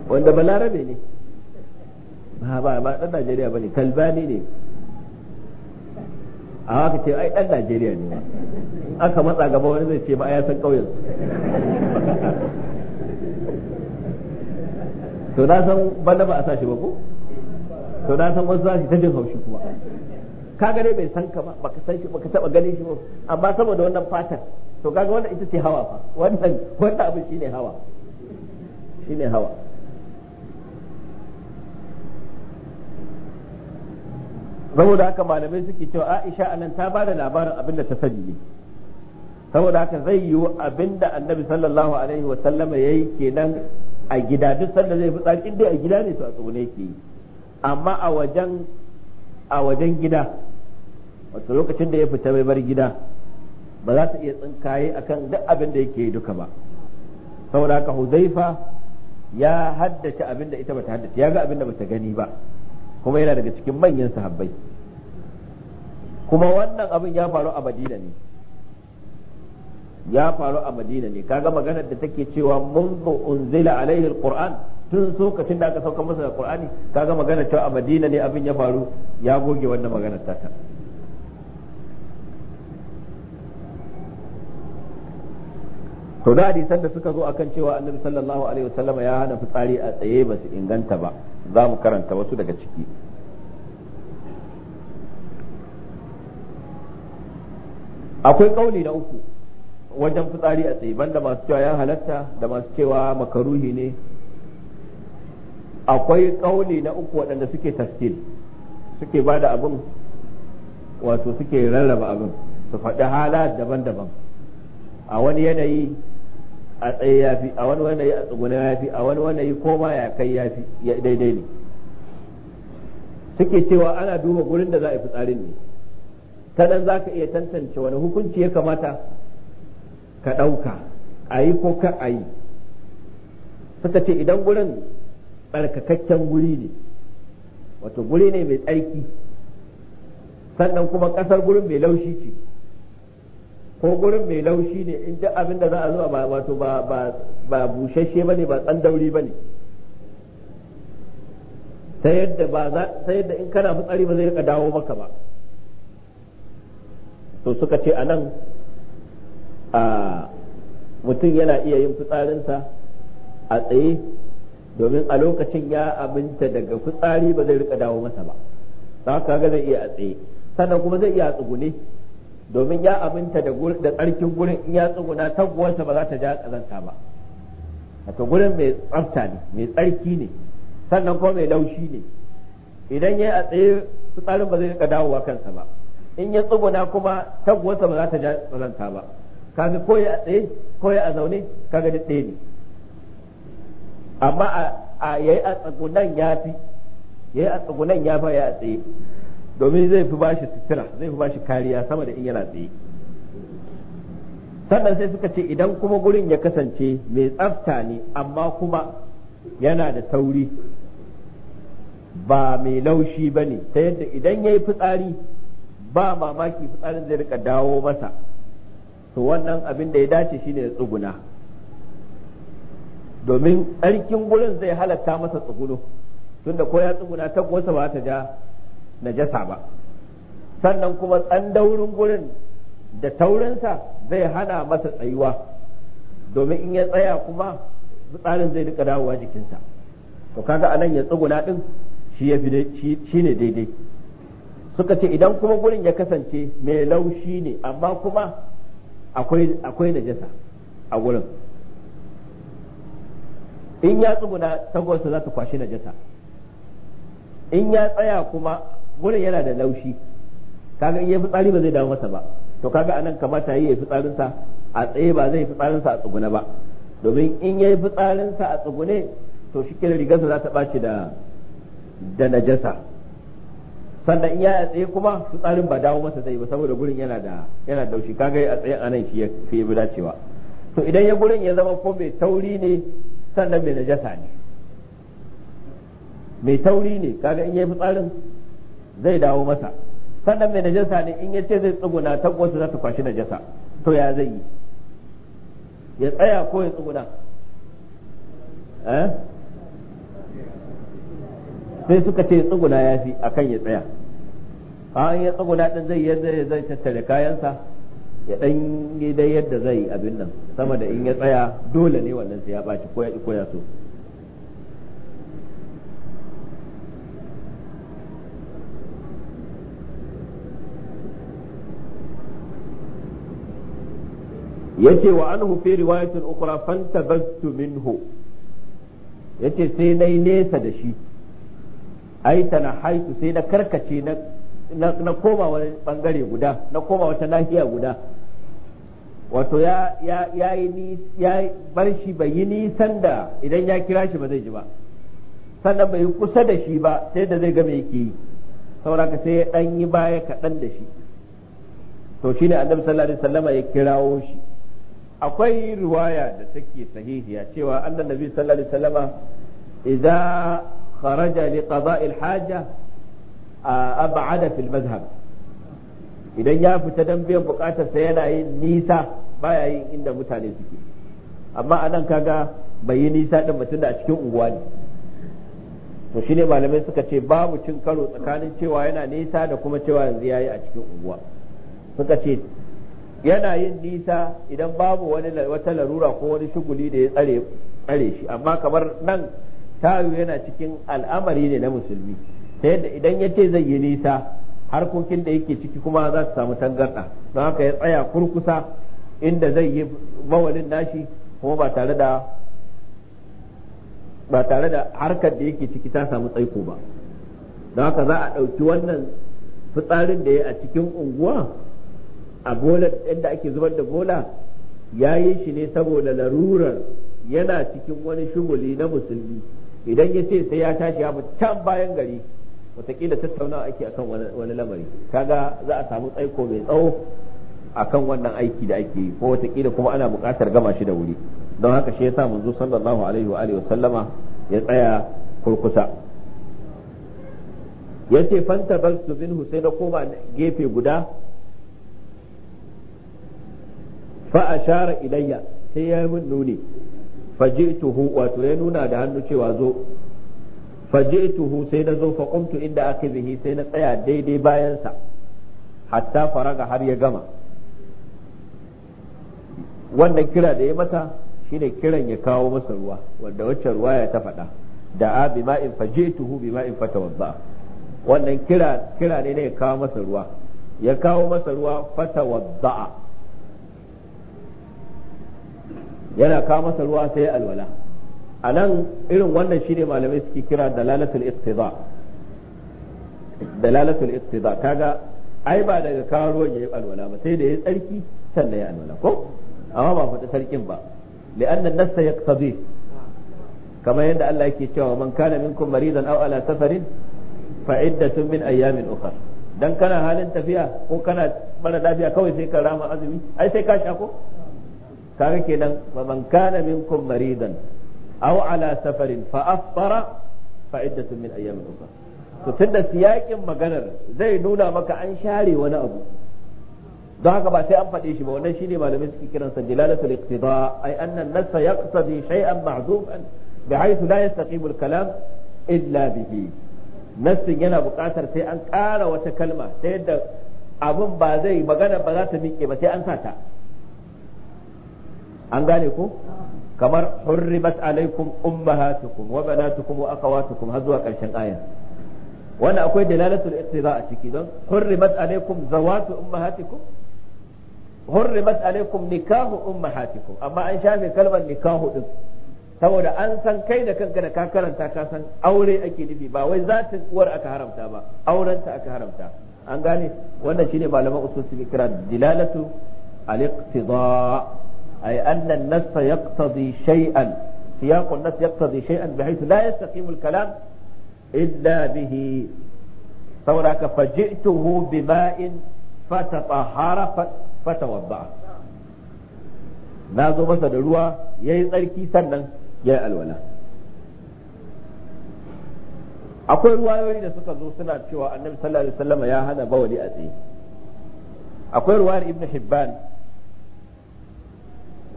wanda balarabe ne ba ba dan Najeriya bane kalbani ne a haka ce ai dan Najeriya ne aka matsa gaba wani zai ce ba ya san kauyen to na san banda ba a sa shi ba ko to na san wasu za ta jin haushi kuma ka dai bai san ka ba baka san shi baka taba ganin shi ba amma saboda wannan fatar to kaga wannan ita ce hawa fa wannan wannan abin shine hawa shine hawa saboda haka malamai suke cewa Aisha anan ta ba da labarin abin da ta sani ne saboda haka zai yiwu abin da annabi sallallahu alaihi wa sallama yayi kenan a gida duk sanda zai fitsari in dai a gida ne to a tsone ke amma a wajen a wajen gida wato lokacin da ya fita bai bar gida ba za ta iya tsinkaye akan duk abin da yake duka ba saboda haka Huzaifa ya haddace abin da ita bata haddace ya ga abin da bata gani ba kuma yana daga cikin manyan sahabbai kuma wannan abin ya faru a madina ne ya faru a madina ne kaga maganar da take cewa mundu unzila alaihi alquran tun lokacin da aka sauka masa alqurani kaga maganar cewa a madina ne abin ya faru ya goge wannan maganar ta to da hadisan da suka zo akan cewa annabi sallallahu alaihi wasallama ya hana fitsari a tsaye ba su inganta ba za mu karanta wasu daga ciki akwai kauli na uku wajen fitsari a tsaye banda masu cewa ya halatta da masu cewa makaruhi ne akwai kauli na uku waɗanda suke tafsir suke ba da abin wato suke rarraba abin su faɗi hala daban-daban a wani yanayi a tsaye ya fi a wani wani yi a ya fi a wani wani yi koma ya kai ya fi ya daidai ne suke cewa ana duba gurin da za a yi fitsarin ne ta nan za ka iya tantance wani hukunci ya kamata ka ɗauka a yi ko kar a yi suka ce idan gurin tsarkakakken guri ne wato guri ne mai tsarki sannan kuma ƙasar gurin mai laushi ce ko gurin mai laushi ne in duk abin da za a zuwa ba wato ba ba bushashe ba tsandauri bane ta yadda ba za ta yadda in kana fitsari ba zai rika dawo maka ba to suka ce anan a mutum yana iya yin fitsarinsa a tsaye domin a lokacin ya abinta daga fitsari ba zai rika dawo masa ba za ka ga zai iya a tsaye sannan kuma zai iya a tsugune domin ya aminta da da tsarkin gurin in ya tsuguna taguwarsa ba za ta ja kazanta ba wato gurin mai tsafta ne mai tsarki ne sannan kuma mai laushi ne idan ya a tsaye tsarin ba zai rika dawowa kansa ba in ya tsuguna kuma taguwarsa ba za ta ja kazanta ba kaga ko ya tsaye ko ya a zaune kaga da tsaye ne amma a yayi a tsugunan ya fi yayi a tsugunan ya fa ya tsaye domin zai fi bashi sutura zai fi bashi kariya sama da in yana tsaye sannan sai suka ce idan kuma gurin ya kasance mai tsafta ne amma kuma yana da tauri ba mai laushi ba ne ta yadda idan ya yi fitsari ba mamaki fitsarin zai rika dawo masa to wannan abin da ya dace shine ya tsuguna domin tsarkin gurin zai halatta masa tsuguno tunda ko ya tsuguna ta ba ta ja najasa ba sannan kuma tsandaurin gurin da taurinsa zai hana masa tsayuwa domin in ya tsaya kuma tsarin zai duka dawowa jikinsa to kaga anan ya tsuguna din shi ya shi ne daidai suka ce idan kuma gurin ya kasance mai laushi ne amma kuma akwai akwai najasa a gurin in ya tsuguna tagowarsa za ta kwashi najasa in ya tsaya kuma gurin yana da laushi kaga in yi fitsari ba zai dawo masa ba to kaga anan kamata yi ya fitsarin sa a tsaye ba zai fitsarin sa a tsugune ba domin in yi fitsarinsa sa a tsugune to shi kenan rigarsa za ta baci da da najasa sannan in ya a tsaye kuma fitsarin ba dawo masa zai ba saboda gurin yana da yana da laushi kaga a tsaye anan shi ya fi dacewa to idan ya gurin ya zama ko mai tauri ne sannan mai najasa ne mai tauri ne kaga in yi fitsarin zai dawo masa sannan mai najasa ne in yace zai tsuguna tabbata za ta kwashi najasa to ya zai yi ya tsaya ko ya tsuguna eh? sai suka ce tsuguna ya fi akan ya tsaya an ya tsuguna din zai yadda ya zai tattare kayansa ya dan yi dai yadda zai abin nan sama da in ya tsaya dole ne wannan sai ya baci ko ya ko ya so yace wa anhu fi riwayatin ukhra fantabastu minhu yace sai nai nesa da shi ai haitu sai na karkace na na koma wani bangare guda na koma wata nahiya guda wato ya ya ya yi ya bar shi bai yi nisan da idan ya kira shi ba zai ji ba sannan bai kusa da shi ba sai da zai ga me yake yi sauraka sai ya dan yi baya kaɗan da shi to shine annabi sallallahu alaihi wasallama ya kirawo shi akwai riwaya da take sahihiya cewa annan nabi sallallahu alaihi wasallama idan kharaja li qada'i al-haja ab'ada fil madhhab idan ya fita dan biyan bukatar sa yana yin nisa baya yin inda mutane suke amma anan kaga bai yi nisa din mutum da a cikin unguwa ne to shine malamai suka ce babu cin karo tsakanin cewa yana nisa da kuma cewa yanzu yayi a cikin unguwa suka ce yana yin nisa idan babu wani wata larura ko wani shuguli da ya tsare tsare shi amma kamar nan tayo yana cikin al'amari ne na musulmi ta yadda idan ya ce zai yi nisa harkokin da yake ciki kuma za su samu tangarɗa don haka ya tsaya kurkusa inda zai yi mawalin nashi kuma ba tare da ba tare da harkar da yake ciki ta samu tsaiko ba don haka za a ɗauki wannan fitsarin da ya a cikin unguwa a bola inda ake zubar da bola ya yi shi ne saboda larurar yana cikin wani shuguli na musulmi idan ya ce sai ya tashi ya can bayan gari watakila tattaunawa ake akan wani lamari kaga za a samu tsaiko mai tsawo akan wannan aiki da ake yi ko watakila kuma ana buƙatar gama shi da wuri don haka shi yasa zo sallallahu alaihi wa alihi sallama ya tsaya kurkusa yace fanta baltu bin husaina na koma gefe guda fa ashara ilayya sai ya min nuni faji'tuhu wato ya nuna da hannu cewa zo faji'tuhu sai na zo fa qumtu inda akhizihi sai na tsaya daidai bayan sa hatta faraga har ya gama wannan kira da ya mata shine kiran ya kawo masa ruwa wanda wacce ruwa ya ta faɗa da a bima'in faji'tuhu bima'in fatawadda wannan kira kira ne ne ya kawo masa ruwa ya kawo masa ruwa fatawadda yana kawo masa ruwa sai alwala a nan irin wannan shine malamai suke kira dalalatul iqtida dalalatul iqtida kaga ai ba daga kawo ruwan yi alwala ba sai da ya tsarki sannan ya alwala ko amma ba fata sarkin ba li'anna an-nassa yaqtadi kamar yadda Allah yake cewa man kana minkum maridan aw ala safarin fa iddatun min ayyamin ukhra dan kana halin tafiya ko kana mara lafiya kawai sai ka rama azumi ai sai ka sha ko kaga kenan wa man kana minkum maridan aw ala safarin fa afṭara fa iddatun min ayyamin ukhra to tunda siyakin maganar zai nuna maka an share wani abu don haka ba sai an faɗe shi ba wannan shine malamai suke kiransa dilalatul iqtida ay anna an-nassa yaqtadi shay'an ma'zufan bihaythu la yastaqimu al-kalam illa bihi nassin yana buƙatar sai an ƙara wata kalma ta yadda abin ba zai magana ba za ta miƙe ba sai an sa ta an gane ku kamar hurribat alaikum ummahatukum wa banatukum wa akhawatukum har zuwa karshen ayar wanda akwai dalalatul iqtida a ciki don hurrimat alaikum zawatu ummahatikum hurrimat alaikum nikahu ummahatikum amma an shafe kalmar nikahu din saboda an san kai da kanka da ka karanta ka san aure ake nufi ba wai zatin uwar aka haramta ba aurenta aka haramta an gane wannan shine malaman usul kira dilalatu al-iqtida أي أن النص يقتضي شيئا سياق النص يقتضي شيئا بحيث لا يستقيم الكلام إلا به فوراك فجئته بماء فتطهر فتوضع نازو بس دلوا كي كيسنا يا الولا أقول يريد وليد ذو سنة شواء النبي صلى الله عليه وسلم يا هذا بولي أتي أقول رواية ابن حبان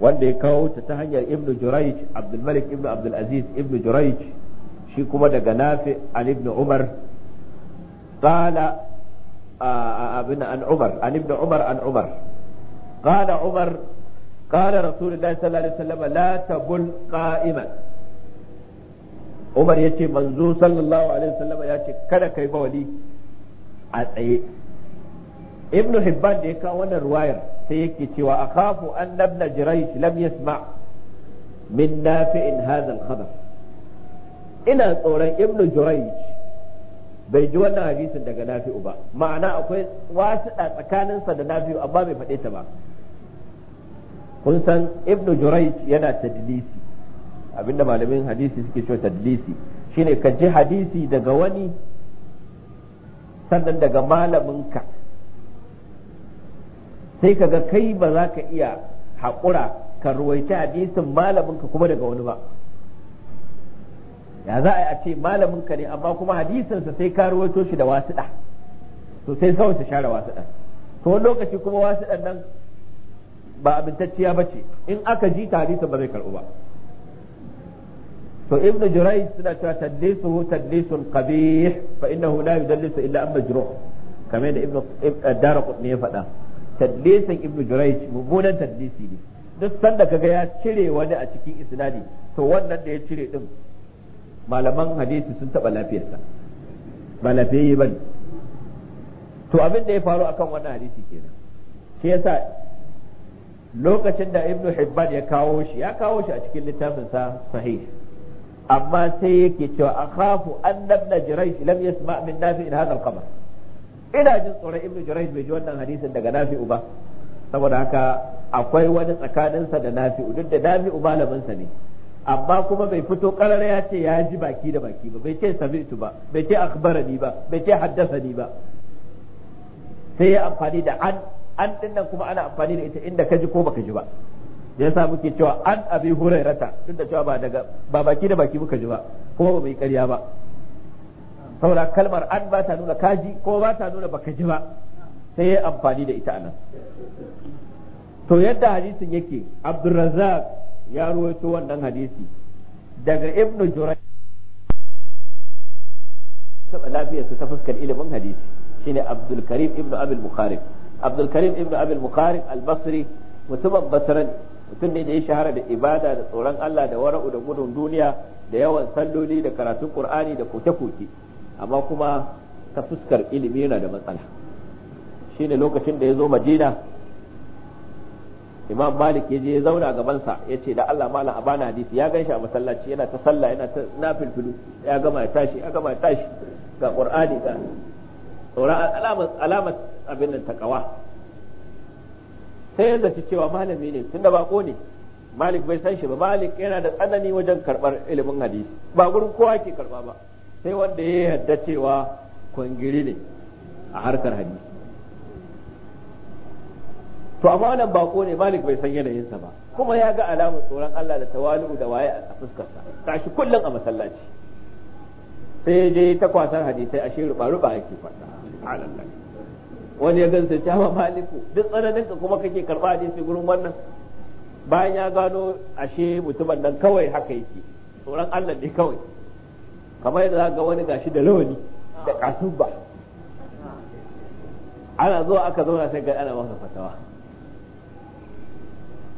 wanda ya kawo ta ta hanyar ibnu jurayj abdul malik ibnu abdul aziz ibnu jurayj shi kuma daga nafi an ibnu umar qala abin an umar an ibnu umar an umar qala umar qala rasulullah sallallahu alaihi wasallam la tabul qa'iman umar yace manzo sallallahu alaihi wasallam yace kada kai bawali a tsaye ibnu hibban da ya kawo wannan ruwayar sai yake cewa akhafu an nabna jiraish lam yasma min nafi'in hadha al-khabar ina tsoron ibnu jiraish bai ji wannan hadisin daga nafi'u ba ma'ana akwai wasu tsakanin tsakaninsa da nafi'u amma bai fade ta ba kun san ibnu jiraish yana tadlisi abinda malamin hadisi suke cewa tadlisi shine ka ji hadisi daga wani sannan daga malamin ka sai kaga kai ba za ka iya haƙura ka ruwaita hadisin malamin ka kuma daga wani ba ya za a yi a ce malamin ka ne amma kuma hadisinsa sai ka ruwaito shi da wasiɗa to sai kawai ta share wasiɗa to wani lokaci kuma wasiɗan nan ba abintacciya ba ce in aka ji ta hadisin ba zai karɓu ba to ibnu jurai suna cewa tadlisu tadlisun qabih fa innahu la yudallisu illa amma majruh kamar da ibnu darqutni ya faɗa tadlisin ibnu jurayj mummunan tadlisi ne duk sanda kaga ya cire wani a cikin isnadi to wannan da ya cire din malaman hadisi sun taba lafiyarsa ba lafiyayye ba to abin da ya faru akan wannan hadisi kenan shi yasa lokacin da ibnu hibban ya kawo shi ya kawo shi a cikin littafin sa sahih amma sai yake cewa akhafu an ibn jurayj lam yasma' min nafi'in hadha al-khabar ina jin tsoron ibnu jurayj bai ji wannan hadisin daga nafi'u ba saboda haka akwai wani tsakaninsa da nafi'u duk da nafi'u sa ne amma kuma bai fito karar ya ce ya ji baki da baki ba bai ce sami'tu ba bai ce akhbarani ba bai ce haddasani ba sai ya amfani da an an dinnan kuma ana amfani da ita inda ka ji ko baka ji ba sa muke cewa an abi hurairata duk da cewa ba daga ba baki da baki muka ji ba kuma ba mai karya ba saboda kalmar an ba ta nuna kaji ko ba ta nuna baka ji ba sai ya amfani da ita anan to yadda hadisin yake abdurrazzaq ya ruwaito wannan hadisi daga ibnu jurai saba lafiyarsa ta fuskar ilimin hadisi shine abdul karim ibnu abul bukhari abdul karim ibnu abul bukhari al-basri mutumin basran mutum ne da ya shahara da ibada da tsoron Allah da wara'u da gudun duniya da yawan salloli da karatun qur'ani da koke-koke amma kuma ta fuskar ilimi yana da matsala shi ne lokacin da ya zo madina imam malik ya je ya zauna gabansa ya ce da allah malam a bana hadisi ya shi a masallaci yana ta sallah yana ta nafilfilu ya gama ya tashi ya gama ya tashi ga qur'ani ga sauran alamar abin nan takawa sai yadda ci cewa malami ne tunda bako ne malik bai san shi ba malik yana da tsanani wajen karbar ilimin hadisi ba gurin kowa ke karba ba sai wanda ya yarda cewa kwangiri ne a harkar hadisi to amma wannan bako ne malik bai san yanayinsa ba kuma ya ga alamun tsoron Allah da tawali'u da waye a fuskarsa tashi kullum a masallaci sai je ta kwasar hadisai a shi ruba ruba yake fada wani ya gansa ta ma maliku duk tsananin ka kuma kake karba hadisi gurin wannan bayan ya gano ashe mutumin nan kawai haka yake tsoron Allah ne kawai kamar yadda ga wani gashi da rawani da kasuba ana zuwa aka zauna sai ga ana masa fatawa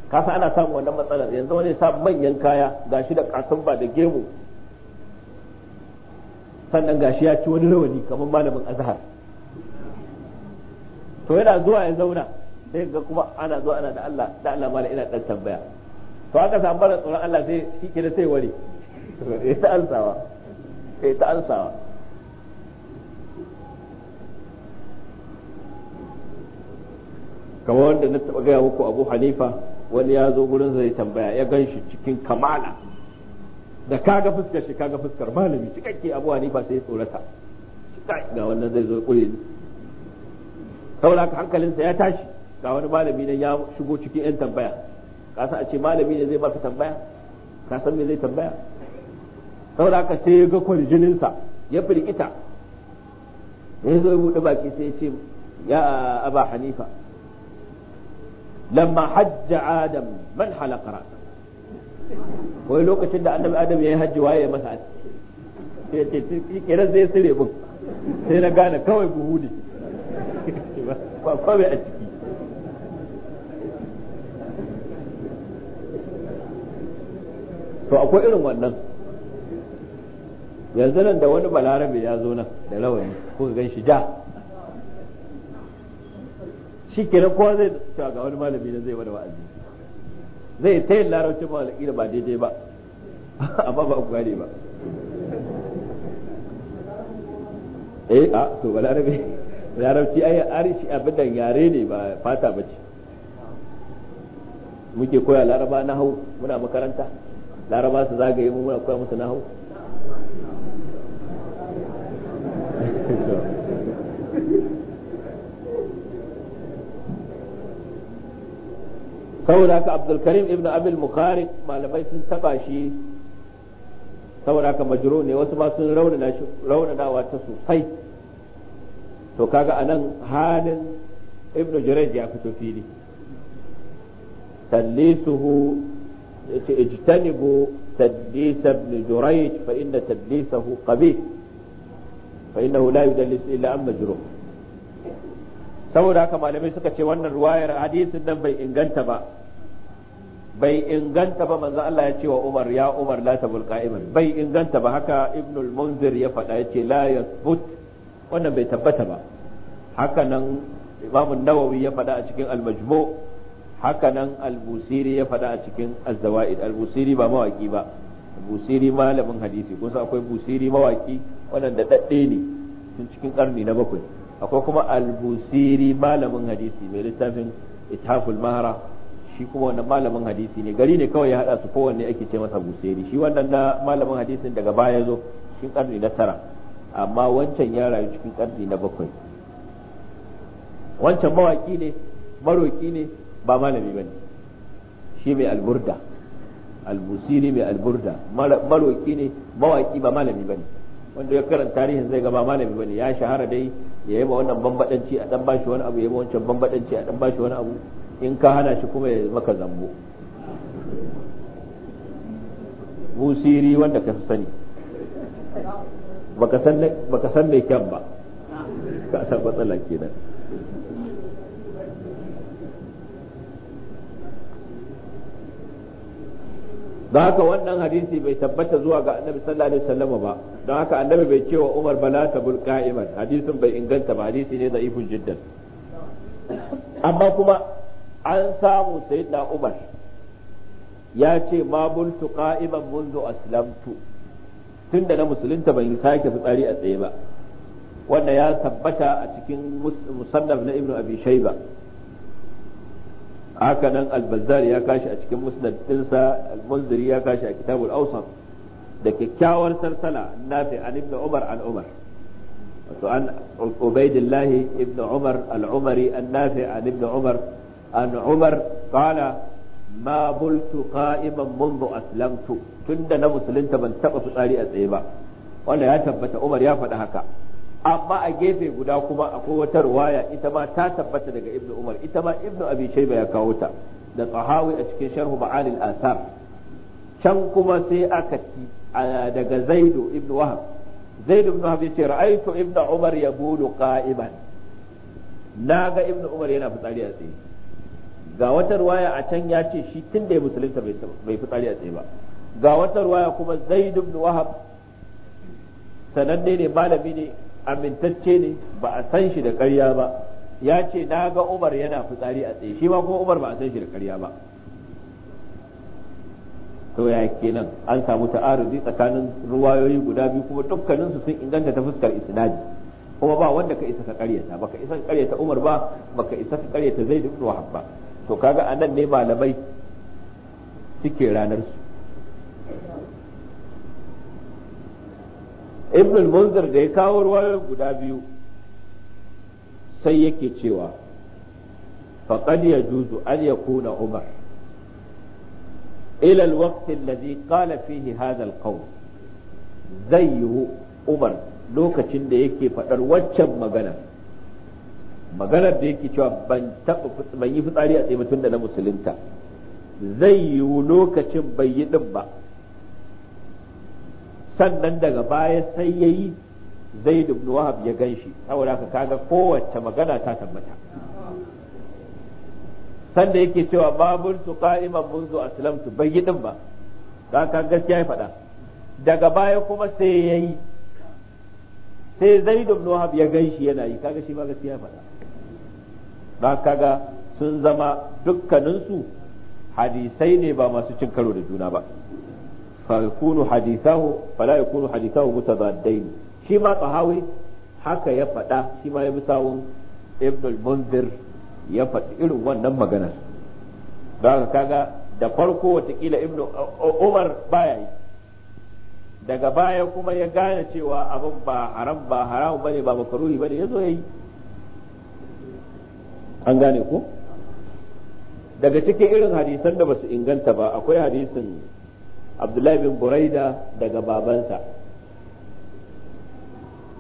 kasa ana samun wannan matsalar yanzu wani sa manyan kaya gashi da kasuba da gemu sannan gashi ya ci wani rawani kamar malamin azhar to yana zuwa ya zauna sai ga kuma ana zuwa ana da Allah da Allah mala ina dan tambaya to aka samu barin tsoron Allah sai shi kira sai ware sai (laughs) ta ansawa eh ta ansa kamar wanda na taba gaya muku abu hanifa wani ya zo gurin zai tambaya ya gan shi cikin kamala da kaga fuskar shi kaga fuskar malami cikakke abu hanifa sai ya tsorata ga wannan zai zo kure ni saboda haka hankalinsa ya tashi ga wani malami ne ya shigo cikin yan tambaya kasa a ce malami ne zai baka tambaya kasan me zai tambaya saboda haka sai ya ga kwarjininsa ya firgita ya zo ya buɗe baki sai ya ce ya ah, aba hanifa lamma hajja adam man halaka rasa wai lokacin da annabi adam ya yi hajji waye masa masa sai ce kiran zai sire mun sai na gane kawai buhu ne (laughs) ba kawai a ciki to akwai irin wannan yanzu nan da wani balarabe ya zo nan da rawani kuka gan shi da shi kenan kowa zai cewa ga wani malami da zai bada wa'azi zai ta yin larabci ba wala ba daidai ba (laughs) amma ba ku gane ba eh a to balarabe (laughs) larabci ai arishi abin da yare ne ba fata bace muke koya laraba na hau muna makaranta laraba su zagaye mu muna koya musu na hau saboda haka abdulkarim ibn abil mukharib malamai sun taba shi saboda haka majro ne wasu ma sun raunanawa ta sosai to kaga anan halin ibn jurayj ya fito fili تدليسه اجتنبوا تدليس ابن جريج فإن تدليسه قبيح فإنه لا يدلس إلا أم مجروح saboda haka malamai suka ce wannan ruwayar hadisin nan bai inganta ba bai inganta ba manzo Allah ya ce wa Umar ya Umar la tabul qa'iman bai inganta ba haka Ibnul Munzir ya faɗa ya ce la yathbut wannan bai tabbata ba haka nan Imam Nawawi ya faɗa a cikin Al-Majmu haka nan Al-Busiri ya faɗa a cikin Az-Zawaid Al-Busiri ba mawaki ba Busiri malamin hadisi kun san akwai Busiri mawaki wannan da dadde ne tun cikin karni na bakwai akwai kuma Al-Busiri malamin hadisi mai littafin Ithaful Mahara shi kuma wannan malamin hadisi ne gari ne kawai ya hada su kowanne ake ce masa busiri shi wannan na malamin hadisin daga baya zo cikin karni na tara amma wancan ya rayu cikin karni na bakwai wancan mawaki ne maroki ne ba malami bane shi mai alburda albusiri mai alburda maroki ne mawaki ba malami bane wanda ya karanta tarihin zai gaba malami bane ya shahara dai ya yaba wannan bambadanci a dan bashi wani abu ya yaba wancan bambadanci a dan bashi wani abu in ka hana shi kuma ya maka zambo busiri wanda ka sani baka san mai kyan ba ka san matsala kenan don haka wannan hadisi bai tabbata zuwa ga annabi sallallahu alaihi wasallam ba don haka annabi bai ce wa Umar bala tabul qa'iman hadisin bai inganta ba hadisi ne da ifin jiddan amma kuma an samu sayyidina Umar ya ce ma bultu qa'iban منذ aslamtu tunda na musulunta ban sake fitsari a tsaye ba wanda ya tabbata a cikin musannaf na ibnu abi shayba haka nan al-bazzar ya kashi a cikin musnad dinsa al-munziri ya kashi a kitabul awsat da kyakkyawar sarsala nafi an ibnu umar an umar wato an ubaidillahi ibnu umar al-umari an nafi an ibnu umar an umar قال ma bultu قائما منذ aslamtu tunda na musulunta ban taba fitsari a tsaye ba wanda ya tabbata umar ya faɗi haka amma a gefe guda kuma akwai wata ruwaya ita ma ta tabbata daga ibnu umar ita ma ibnu abi shayba ya kawo ta da tsahawi a cikin sharhu al asar can kuma sai aka ci daga zaidu ibnu wahab zaidu ibnu wahab yace ra'aytu ibnu umar yabulu qa'iman naga ibnu umar yana fitsari a tsaye ga wata ruwaya a can ya ce shi tun da ya musulunta bai fitsari a tsaye ba ga wata ruwaya kuma zai ibn wahab sananne ne malami ne amintacce ne ba a san shi da ƙarya ba ya ce na ga umar yana fitsari a tsaye shi ma kuma umar ba a san shi da ƙarya ba to ya kenan an samu ta'arudi tsakanin ruwayoyi guda biyu kuma dukkaninsu sun inganta ta fuskar isnadi kuma ba wanda ka isa ka karyata baka isa ka karyata Umar ba baka isa ka karyata Zaid ibn Wahab ba to kaga anan ne malamai suke ranar su ibnul munzir da ya kawo ruwan guda biyu sai yake cewa ya yajuzu an yakuna umar ila alwaqt alladhi kala fihi hadha alqawl zai yiwu umar lokacin da yake faɗar waccan maganar maganar da yake cewa ban taɓa ban yi fitsari a tsaye tun da na musulunta zai yi lokacin bai yi din ba sannan daga baya sai ya yi zai ibn wahab ya ganshi saboda haka kaga kowace magana ta tabbata sanda yake cewa babul tu qa'iman munzu aslamtu bai yi din ba kaga gaskiya ya faɗa daga baya kuma sai ya yi sai zai ibn wahab ya ganshi yana yi kaga shi ba gaskiya ya faɗa don kaga sun zama dukkaninsu hadisai ne ba masu cin karo da juna ba فيكون حديثه yakunu يكون حديثه shi ma طهاوي haka ya faɗa shi ma ya bi sawun ibn al-munzir ya faɗi irin wannan maganar da kaga da farko watakila ibn uh, umar baya yi daga baya kuma ya gane cewa abin ba haram ba haram bane ba makaruhi bane ya zo ya an gane ku daga cikin irin hadisan da basu inganta ba akwai hadisin abdullahi bin buraida daga babansa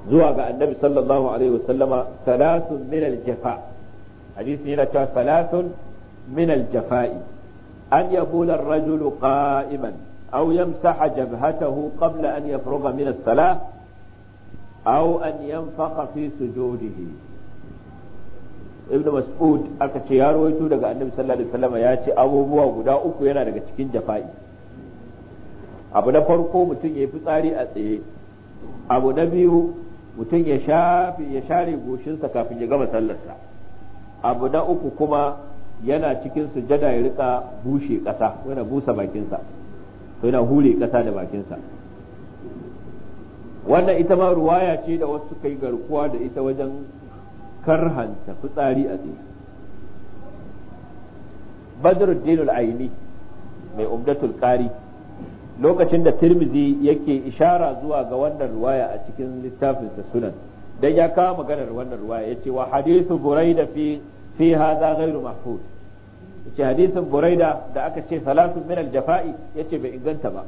zuwa ga annabi sallallahu alaihi wasallama salasun min aljafa hadisin yana cewa salasun min aljafa'i an yabula ar-rajulu qa'iman aw yamsaha jabhatahu qabla an yafruga min as-salah aw an yanfaqa fi sujudihi ibn mas'ud aka ce ya rawaito daga annabi sallallahu alaihi wasallam ya ce abubuwa guda uku yana daga cikin jafa'i abu na farko mutum ya yi fitsari a tsaye abu na biyu mutum ya shafi ya share goshinsa kafin ya gama sallarsa abu na uku kuma yana cikin sujada ya rika bushe ƙasa yana busa bakinsa yana hure ƙasa da bakinsa wannan ita ma ruwaya ce da wasu kai garkuwa da ita wajen karhanta fitsari a tsaye badruddin al-aini mai umdatul qari lokacin da tirmizi yake ishara zuwa ga wannan ruwaya a cikin littafin littafinsa sunan dan ya kawo maganar wannan ruwaya yace wa hadithu buraida fi fi hadha ghairu mahfuz yace hadisin buraida da aka ce salatu min al-jafa'i yace bai inganta ba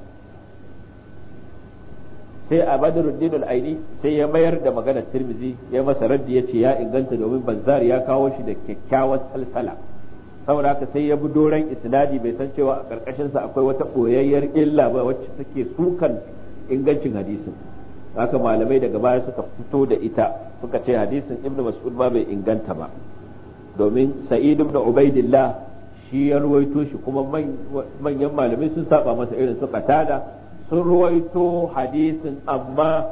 sai a badruddin al-aini sai ya mayar da maganar tirmizi ya masa raddi ya ce ya inganta domin banzar ya kawo shi da kyakkyawar salsala saboda haka sai ya bi doron isnadi bai san cewa a karkashin sa akwai wata boyayyar illa ba wacce take sukan ingancin hadisin haka malamai daga baya suka fito da ita suka ce hadisin ibnu mas'ud ba bai inganta ba domin sa'id ibn ubaidillah shi ya ruwaito shi kuma manyan malamai sun saba masa irin su qatada sun ruwaito hadisin amma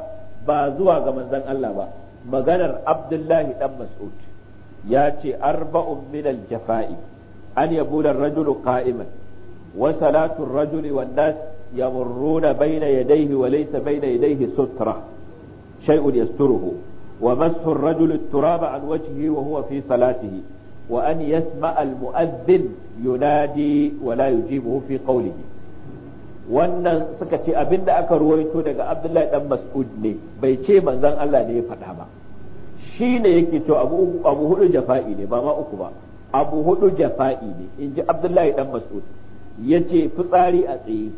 ba zuwa ga manzon Allah ba maganar Abdullahi dan Mas'ud ya ce arba'un min al-jafa'i an yabula ar-rajulu qa'iman wa salatu ar-rajuli wan-nas yamurruna bayna yadayhi wa laysa bayna yadayhi sutra shay'un yasturuhu wa masu rajulu turaba an wajhihi wa huwa fi salatihi wa an yasma al-mu'adhdhin yunadi wa la yujibuhu fi qawlihi wannan suka ce abin da aka ruwaito daga abdullahi dan mas'ud ne bai ce manzan Allah ne ya faɗa ba shi ne yake to abu abu hudu jafa'i ne ba ma uku ba abu hudu jafa'i ne in ji abdullahi dan mas'ud ce fitsari a tsaye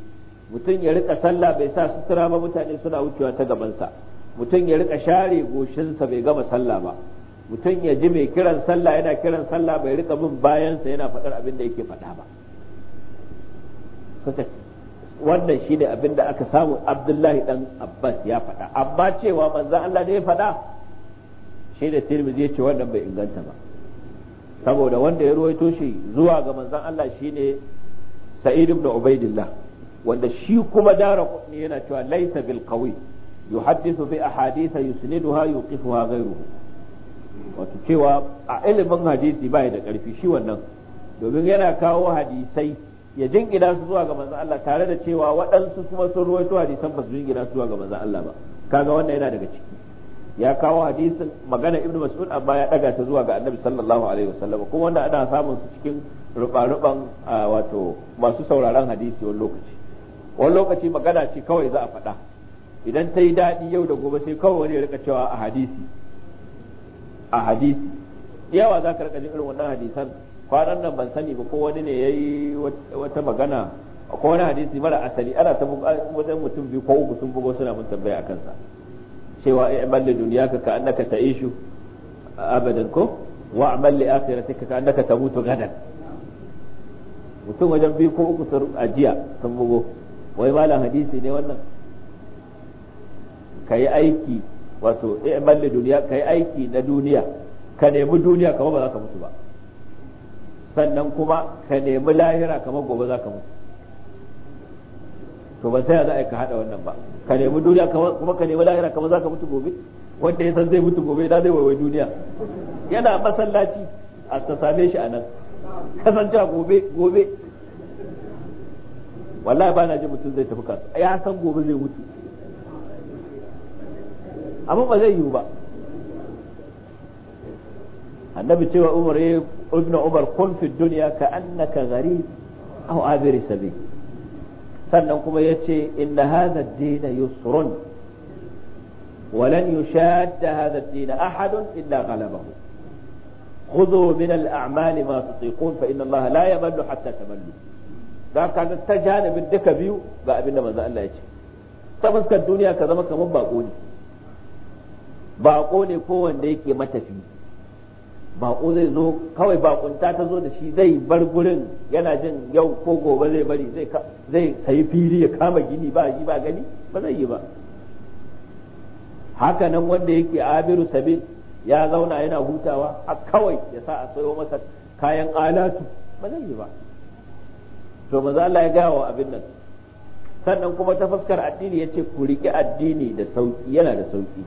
mutum ya rika sallah bai sa sutura ba mutane suna wucewa ta gabansa mutum ya rika share goshinsa bai gama sallah ba mutum ya ji mai kiran sallah yana kiran sallah bai rika bin bayansa yana faɗar abin da yake faɗa ba wannan shine abin da aka samu abdullahi dan abbas ya faɗa amma cewa manzan Allah da ya faɗa shi da tirmidhi ya ce wannan bai inganta ba saboda wanda ya ruwaito shi zuwa ga manzan Allah shine sa'idu ibn ubaidillah wanda shi kuma dara kudni yana cewa laysa bil qawi yuhaddithu bi ahadith yusniduha yuqifuha ghayruhu wato cewa a ilimin hadisi bai da karfi shi wannan domin yana kawo hadisai ya jingina su zuwa ga manzon Allah tare da cewa waɗansu kuma sun ruwaito hadisan ba su jingina su zuwa ga manzon Allah ba kaga wannan yana daga ciki ya kawo hadisin magana ibnu mas'ud amma ya daga ta zuwa ga annabi sallallahu alaihi wasallam kuma wanda ana samun su cikin ruba-ruban wato masu sauraron hadisi wani lokaci wani lokaci magana ce kawai za a faɗa idan ta yi daɗi yau da gobe sai kawai wani ya rika cewa a hadisi a hadisi yawa za ka rika jin irin wannan hadisan kwanan nan ban sani ba ko wani ne yayi wata magana ko wani hadisi mara asali ana ta wajen mutum biyu ko uku sun bugo suna mun tambaya akan sa cewa ai eh, amal da duniya ka annaka ishu abadan ko wa amal li akhirati ka annaka mutu gadan mutum wajen biyu ko uku sun ajiya sun bugo wai malam hadisi ne wannan kai aiki wato ai eh, amal da duniya kai aiki na duniya ka nemi duniya kamar ba za ka mutu ba sannan kuma ka nemi lahira kamar gobe za ka mutu to ba sai za a ka hada wannan ba ka nemi duniya kuma ka nemi lahira kamar za ka mutu gobe wanda ya san zai mutu gobe da zai waiwai duniya yana masallaci a ta same shi a nan kasancewa gobe gobe wallahi ba na ji mutum zai tafi kasu ya san gobe zai mutu amma ba zai yiwu ba annabi cewa umar ya ibn umar kun fi dunya ka annaka gharib aw abir sannan kuma yace inna hadha ad-din yusrun ولن يشاد هذا الدين أحد إلا غلبه خذوا من الأعمال ما تطيقون فإن الله لا يمل حتى تملوا da ka ga ta janibin duka biyu ga abin da Allah ya ce ta duniya ka zama kamar bako ne bako ne yake matafi baƙo zai zo kawai baƙunta ta zo da shi zai bar gurin yana jin yau ko gobe zai bari zai sayi fili ya kama gini ba yi ba gani ba zai yi ba haka nan wanda yake abiru sabin ya zauna yana hutawa a kawai ya sa a sayo masa kayan alatu ba zai yi ba to maza Allah ya gawa abin nan sannan kuma ta fuskar addini ya ce ku riƙe addini da sauki yana da sauki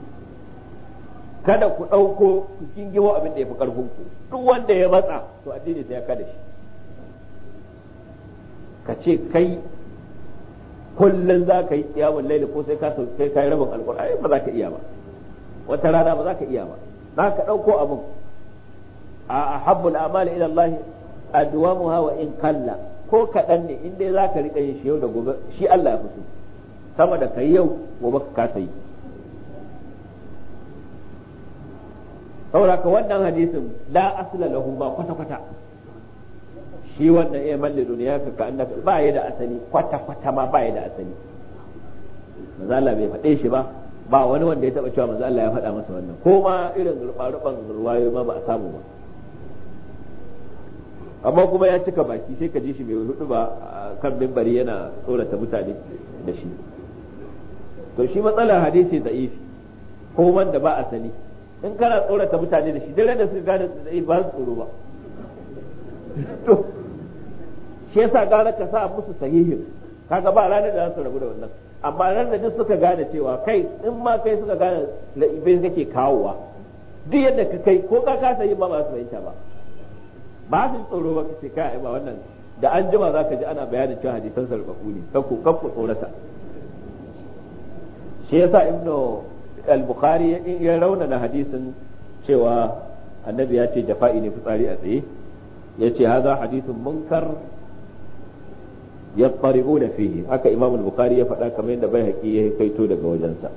kada ku ɗauko ku kingimo abin da ya fi ƙarfin ku duk wanda ya matsa to addini sai ya kada shi ka ce kai kullum za ka yi tsiyawar laili ko sai ka sai ka yi rabin alƙur'ani ba za ka iya ba wata rana ba za ka iya ba za ka ɗauko abin a habbul amali ila Allah adwamuha wa in kalla ko kaɗan ne in dai za ka riƙa yin shi yau da gobe shi Allah ya fi sama da kai yau gobe ka kasa saboda ka wannan hadisin la asla lahu ba kwata kwata shi wannan ya malli duniya ka ka annaka ba ya da asali kwata kwata ma ba ya da asali manzo Allah bai faɗe shi ba ba wani wanda ya taba cewa manzo Allah ya faɗa masa wannan ko ma irin rufa-rufan ruwayoyi ma ba a samu ba amma kuma ya cika baki sai ka ji shi mai hudu ba kan mimbari yana tsorata mutane da shi to shi matsalar hadisi ifi ko wanda ba a sani in kana tsorata mutane da shi dare da su gane zai ba su tsoro ba to shi yasa gara ka sa musu sahihin kaga ba ranar da za su rabu da wannan amma ran da duk suka gane cewa kai in ma kai suka gane da ibin kake kawowa duk yadda ka kai ko ka kasa yin ba ba su fahimta ba ba su tsoro ba kace kai ba wannan da an jima za ka ji ana bayanin cewa hadisan sarfafu ne kakko kakko tsorata shi yasa ibnu al-bukhari ya raunana hadisin cewa annabi ya ce jafa'i ne fitsari a tsaye yace haza hadithun munkar yattari'una fihi haka imam al-bukhari ya faɗa kamar yadda baihaqi ya kaito daga wajensa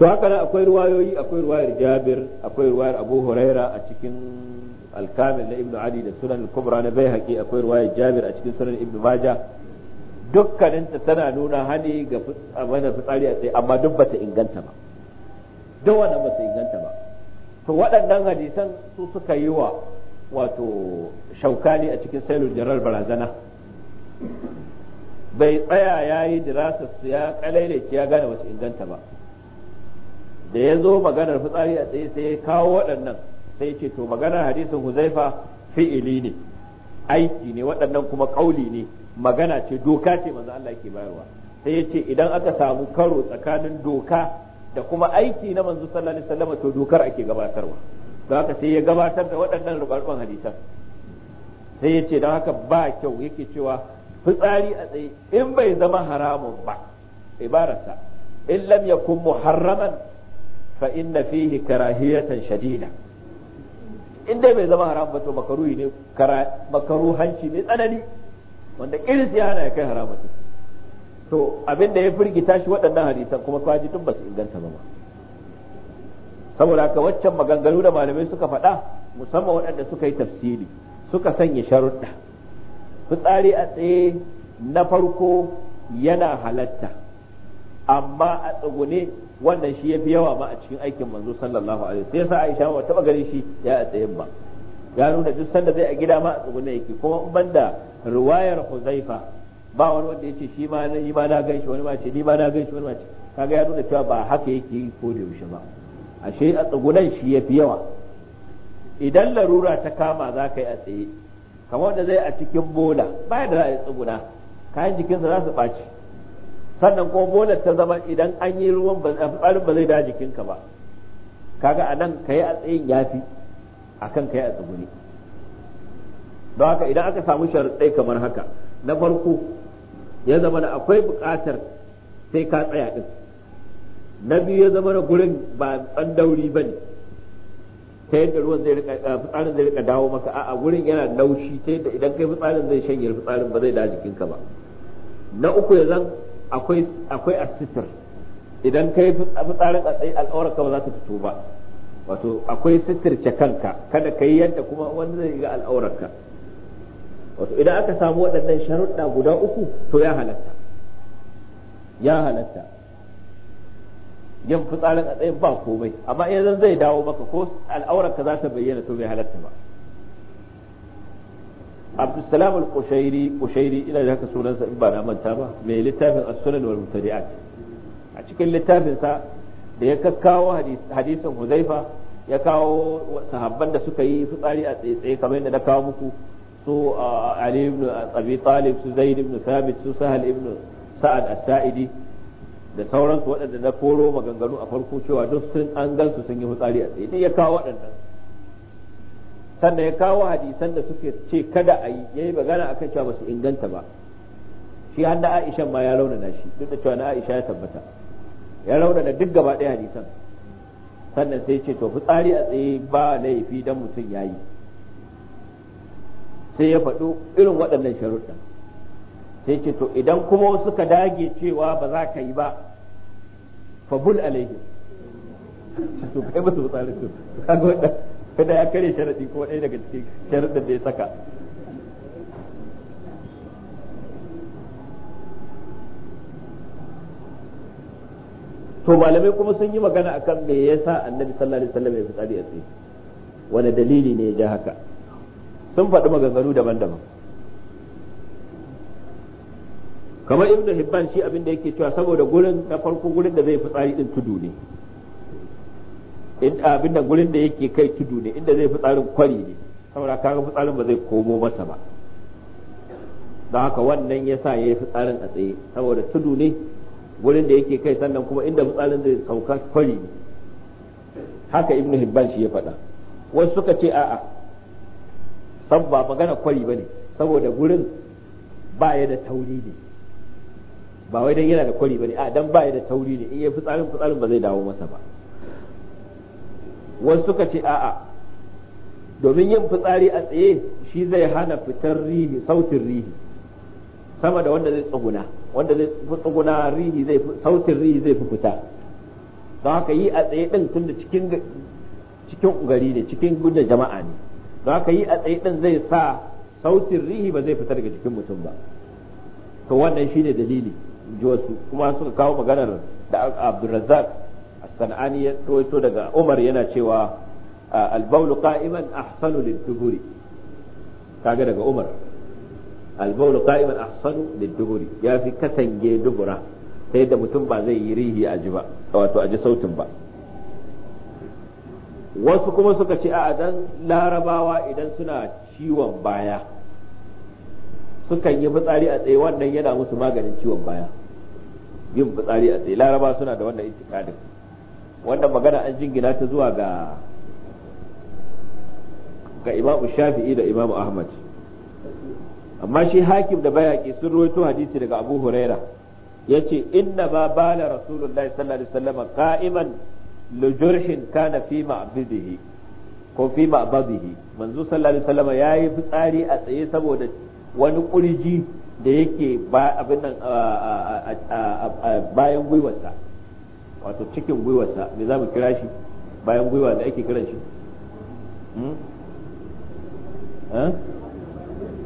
to haka nan akwai ruwayoyi akwai ruwayar jabir akwai ruwayar abu huraira a cikin alkamil na ibnu ali da sunan kubra na baihaqi akwai ruwayar jabir a cikin sunan ibnu maja. dukkaninta tana nuna hani ga mana fitsari a tsaye amma duk bata inganta ba duk wannan bata inganta ba to waɗannan hadisan su suka yi wa wato shaukani a cikin sailor jirar barazana bai tsaya ya yi dirasar su ya kalailaci ya gane wasu inganta ba da ya zo maganar fitsari a tsaye sai ya kawo waɗannan sai ce to maganar hadisin huzaifa fi'ili ne aiki ne waɗannan kuma ƙauli ne magana ce doka ce manzo Allah yake bayarwa sai ya ce idan aka samu karo tsakanin doka da kuma aiki na manzo sallallahu alaihi wasallam to dokar ake gabatarwa don haka sai ya gabatar da waɗannan rubarban hadisan sai ya ce don haka ba kyau yake cewa fitsari a tsaye in bai zama haramun ba ibarasa in lam yakun muharraman fa inna fihi karahiyatan shadida in dai bai zama haramun ba to makaruhi ne makaruhanci mai tsanani wanda kiris ya hana ya kai haramun to abin da ya firgita shi waɗannan hadisan kuma kwaji tun ba su inganta ba saboda haka waccan maganganu da malamai suka faɗa musamman waɗanda suka yi tafsiri suka sanya sharuɗa fitsari a tsaye na farko yana halatta amma a tsugune wannan shi ya fi yawa ma a cikin aikin manzo sallallahu alaihi wasallam sai sa Aisha ba taba gare shi ya a tsayin ba ya nuna duk sanda zai a gida ma a tsugune yake kuma banda riwayar huzaifa ba wani wanda ya ce shi ma yi ma na gaishe wani ma ce ni ma na gaishe wani ma ce kaga ya nuna cewa ba haka yake yi ko da yaushe ba ashe a tsugunan shi ya fi yawa idan larura ta kama za ka yi a tsaye kamar wanda zai a cikin bola ba da za a yi tsuguna kayan jikinsa za su ɓaci sannan ko bola ta zama idan an yi ruwan fitsarin ba zai da jikinka ba kaga a nan ka yi a tsayin yafi akan ka yi a tsuguni. don haka idan aka samu sharaɗai kamar haka na farko ya zama da akwai buƙatar sai ka tsaya ɗin na biyu ya zama da gurin ba dauri ba ne ta yadda ruwan zai rika eh, fitsarin zai rika dawo maka a'a gurin yana laushi ta yadda idan kai fitsarin zai shanye fitsarin ba zai da jikinka ba na uku ya zan akwai akwai asitir idan kai fitsarin a tsaye al'aurar ka ba za ta fito ba wato akwai sitirce kanka kada yi yadda kuma wanda zai ga al'aurar ka wato idan aka samu waɗannan sharuɗa guda uku to ya halatta ya halatta yin fitsarin a tsayin ba komai amma idan zai dawo maka ko al'aurarka za ta bayyana to bai halatta ba abdulsalam al-qushairi qushairi ina da haka sunansa in ba na manta ba mai littafin as-sunan wal mutadi'at a cikin littafin sa da ya kakkawo hadisin huzaifa ya kawo sahabban da suka yi fitsari a tsaye kamar yadda na kawo muku su ali ibn abi talib su zaid ibn thabit su sahal ibn sa'ad as-sa'idi da sauransu waɗanda na koro maganganu a farko cewa duk sun an gansu sun yi fitsari a tsaye duk ya kawo waɗannan sannan ya kawo hadisan da suke ce kada a yi yayi magana akan cewa ba su inganta ba shi har da Aisha ma ya raunana shi duk da cewa na Aisha ya tabbata ya raunana duk gaba ɗaya hadisan sannan sai ce to fitsari a tsaye ba laifi dan mutum yayi sai ya faɗo irin waɗannan sharuɗa sai ce to idan kuma suka dage cewa ba za ka yi ba fa bul alaihim (laughs) to kai ba su tsare su kaga wannan kada ya kare sharadi ko ɗaya daga cikin sharuɗan da ya saka to malamai kuma sun yi magana akan me yasa annabi sallallahu alaihi wasallam ya fitsari a tsaye wani dalili ne ya ja haka sun faɗi maganganu daban-daban kamar ibnu hibban shi abin da yake cewa saboda gurin na farko gurin da zai fitsari din tudu ne in abin da gurin da yake kai tudu ne inda zai fitsarin kwari ne saboda kaga fitsarin ba zai komo masa ba don haka wannan ya sa ya yi fitsarin a tsaye saboda tudu ne gurin da yake kai sannan kuma inda fitsarin zai sauka kwari ne haka ibnu hibban shi ya faɗa wasu suka ce a'a san ba magana kwari bane saboda gurin ba ya da tauri ne ba wai dan yana da kwari bane a dan ba ya da tauri ne in ya fitsarin fitsarin ba zai dawo masa ba wasu suka ce a'a domin yin fitsari a tsaye shi zai hana fitar rihi sautin rihi sama da wanda zai tsuguna wanda zai tsuguna rihi zai sautin rihi zai fi fita don haka yi a tsaye din tunda cikin cikin gari ne cikin gudun jama'a ne za ka yi a tsaye ɗin zai sa sautin rihi ba zai fita daga jikin mutum ba to wannan shi shine dalili ji wasu kuma suka kawo maganar da Abdulrazzaq a sanani ya toito daga Umar yana cewa al-bawlu ahsanu lid ta kaga daga Umar al-bawlu ahsanu lid ya fi katange dubura sai da mutum ba zai yi rihi a ji ba wato a ji sautin ba wasu kuma suka ce a dan larabawa idan suna ciwon baya sukan yi fitsari a tsaye wannan yana musu maganin ciwon baya yin fitsari a tsaye larabawa suna da wannan itikadin wannan magana an jingina ta zuwa ga ga imamu shafi'i da imamu ahmad amma shi hakim da bayaki sun ruwaito hadisi daga abu huraira ce inna ba bala rasulullahi sallallahu alaihi wasallam qa'iman lujurhin kana fi ma'bidihi ko fi ma'badihi manzo sallallahu alaihi wasallam yayi fitsari a tsaye saboda wani kurji da yake ba abin nan bayan gwiwarsa wato cikin gwiwarsa me zamu kira shi bayan gwiwa da ake kiran shi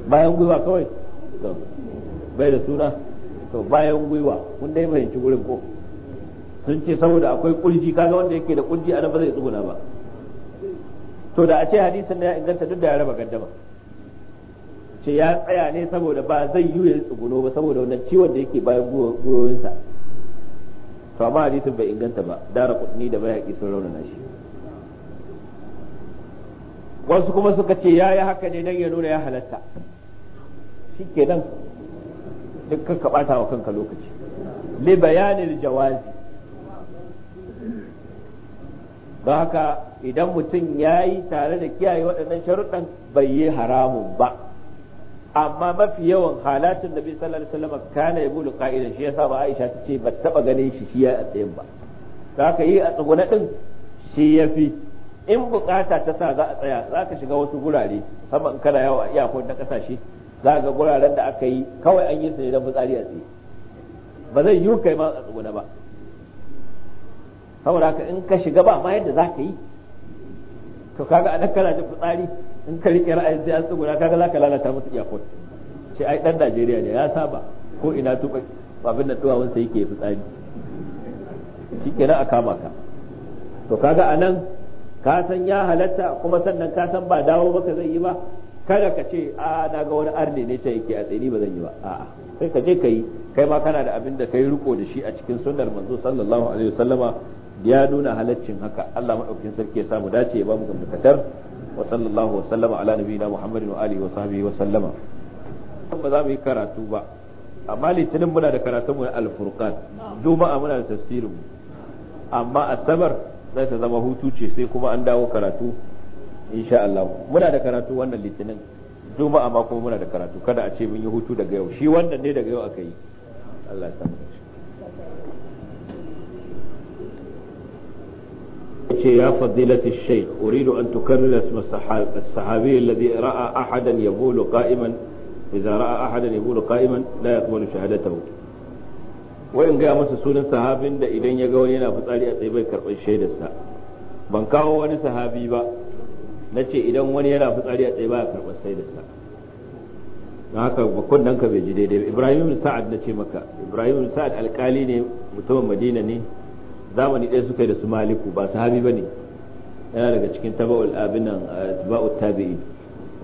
bayan gwiwa kawai bai da suna to bayan gwiwa kun dai fahimci gurin ko sun ce saboda akwai kurji kaga wanda yake da kurji anan ba zai tsuguna ba to da a ce hadisin da ya inganta duk da ya raba gaddama ce ya tsaya ne saboda ba zai yi ya tsuguno ba saboda wannan ciwon da yake bayan gwiwoyinsa to amma hadisin bai inganta ba dara kudni da bai haƙi sun raunana shi wasu kuma suka ce ya yi haka ne nan ya nuna ya halatta shi ke nan duk ka ɓata wa kanka lokaci li bayanin jawazi don haka idan mutum ya yi tare da kiyaye waɗannan sharuɗan bai yi haramun ba amma mafi yawan halatin nabi sallallahu alaihi wasallam kana ya bulu ka'ida shi yasa ba Aisha ta ce ba taba ganin shi shi ya tsayin ba za ka yi a tsuguna din shi ya fi in bukata ta sa za a tsaya za ka shiga wasu gurare musamman kana yawo a iya na kasashe za ga guraren da aka yi kawai an yi su ne don fitsari a tsaye ba zai yi kai ma a tsuguna ba saboda haka in ka shiga ba ma yadda za ka yi to kaga a kana da fitsari in ka rike ra'ayin sai an tsugura kaga za ka lalata musu iyakot ce ai dan Najeriya ne ya saba ko ina tuba babin da tuwa sai yake fitsari shikenan a kama ka to kaga anan ka san ya halatta kuma sannan ka san ba dawo baka zai yi ba kada ka ce a na ga wani arne ne ta yake a tsini ba zan yi ba a'a sai ka je ka yi kai ma kana da abin da kai riko da shi a cikin sunnar manzo sallallahu alaihi wasallama ya nuna halaccin haka Allah maɗaukin sarki ya samu dace ya ba mu gamdakatar wa sallallahu wa sallama ala nabiyina muhammadin wa alihi wa sahbihi wa sallama ba za mu yi karatu ba amma litinin muna da karatun mu na alfurqan juma'a muna da tafsirin amma asabar zai ta zama hutu ce sai kuma an dawo karatu insha Allah muna da karatu wannan litinin juma'a ma kuma muna da karatu kada a ce mun yi hutu daga yau shi wannan ne daga yau aka yi Allah ya samu ce ya fadilati shaykh uridu an tukarrira isma sahabi alladhi ra'a ahadan yabulu qa'iman idza ra'a ahadan yabulu qa'iman la yaqbalu shahadatahu wa in ga masa sunan sahabin da idan ya ga wani yana fitsari a tsaye bai shaidar sa ban kawo wani sahabi ba na ce idan wani yana fitsari a tsaye ba ya karɓar shaidarsa don haka bakon nan ka bai ji daidai ibrahim sa'ad na ce maka ibrahim sa'ad alkali ne mutumin madina ne zamani ɗaya suka yi da su maliku ba sahabi ba ne yana daga cikin taba'ul abinan atba'ut tabi'in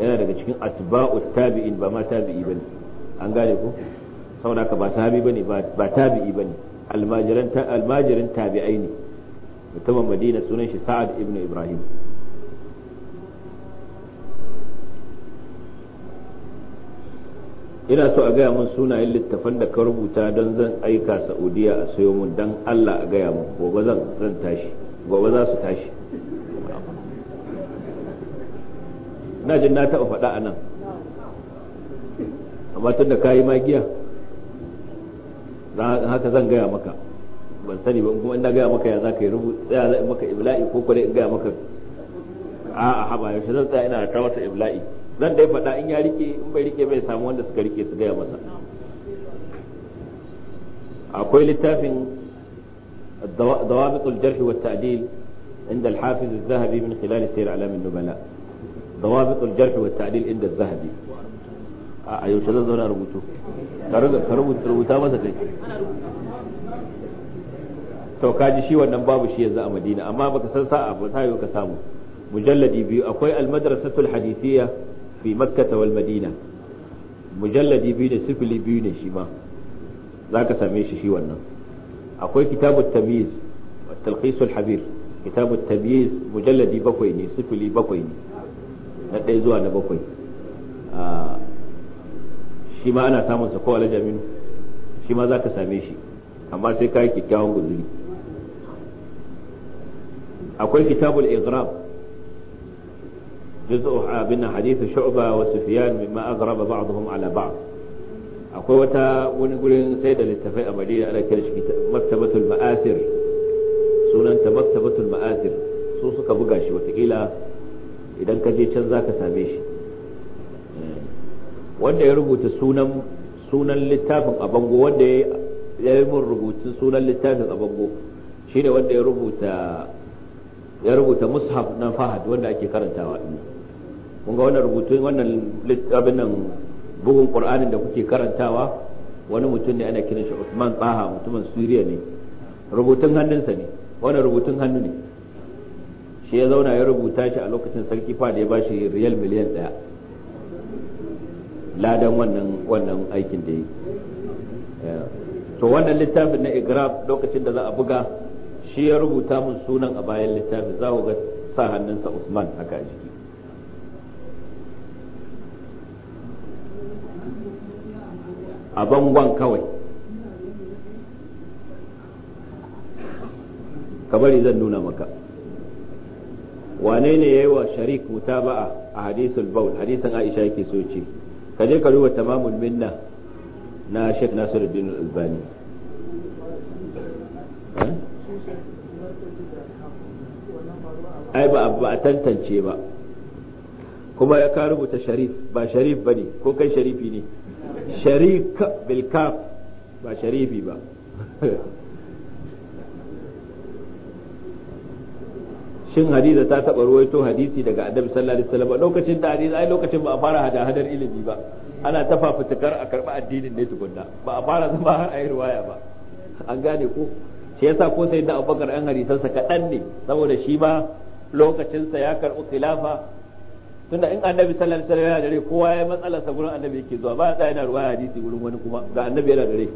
yana daga cikin atba'ut tabi'in ba ma tabi'i ba ne an gane ku saboda haka ba sahabi ba ne ba tabi'i ba ne almajirin tabi'ai ne mutumin madina sunan shi sa'ad ibn ibrahim ina so a gaya mun sunayen littafan da ka rubuta don zan aika saudiya a sayo mun don allah a gaya mun gobe zan zan tashi gobe za su tashi na jin na taɓa faɗa a nan amma tun da ka yi magiya haka zan gaya maka ban sani ba kuma ina gaya maka ya za ka yi rubuta maka ibla'i ko kwale in gaya maka a'a haɓa yaushe zan tsaya ina ta masa ibla'i zan da ya faɗa in ya rike in bai rike bai samu wanda suka rike su gaya masa akwai littafin dawabitul jarhi wa ta'dil inda al-hafiz az-zahabi min khilal sayr alam an-nubala dawabitul jarhi wa ta'dil inda az-zahabi a yaushe zan zauna rubutu ka rubuta masa kai to kaji shi wannan babu shi yanzu a madina amma baka san sa'a ba tayo ka samu mujalladi biyu akwai al-madrasatul hadithiyya fi makkata wal madina mujalladi biyu da sifili biyu ne shi ma za ka same shi shi wannan akwai kitabu tamiz wa talqisul habir kitabu tamiz mujalladi bakwai ne sifili bakwai ne na ɗaya zuwa na bakwai shi ma ana samun sa ko alajamin shi ma za ka same shi amma sai ka yi kyakkyawan guzuri akwai kitabul igrab juz'u abin hadith shu'ba wa sufyan mimma aghraba ba'dhum ala ba'd akwai wata wani gurin sai da littafai a Madina shi maktabatul ma'asir sunanta maktabatul ma'asir su suka buga shi watakila idan ka je can zaka same shi wanda ya rubuta sunan sunan littafin a bango wanda ya yi mun rubutun sunan littafin a bango ne wanda ya rubuta ya rubuta mushaf na fahad wanda ake karantawa kun ga wannan rubutun wannan abin nan bugun qur'anin da kuke karantawa wani mutum ne ana kiran shi Usman Taha mutumin Suriya ne rubutun hannunsa ne wannan rubutun hannu ne shi ya zauna ya rubuta shi a lokacin sarki fa da ya bashi riyal miliyan daya ladan wannan wannan aikin da yi to wannan littafin na igraf lokacin da za a buga shi ya rubuta mun sunan a bayan littafin za ku ga sa hannunsa Usman haka jiki a bangon kawai kabari zan nuna maka wane ne ya yi wa sharik ba a hadisul baul hadisan aisha yake so ce ka je ka duba tamamun minna na sheikh nasiruddin albani eh? ai ba a tantance ba kuma ya ka rubuta sharif ba sharif ba ne ko kai sharifi ne sharik bil ba ba shin hadiza ta taba ruwaito hadisi daga annabi sallallahu alaihi wasallam lokacin da hadiza ai lokacin ba a fara hadahadar ilimi ba ana ta fafutukar a karba addinin ne tukunna ba a fara zama har ayi ruwaya ba an gane ko shi yasa ko sai da abubakar an hadisansa kaɗan ne saboda shi ba lokacinsa ya karɓi khilafa tunda in annabi sallallahu alaihi wasallam yana da rai kowa ya matsala sa gurin annabi yake zuwa ba ya tsaya yana ruwa hadisi gurin wani kuma ga annabi yana da rai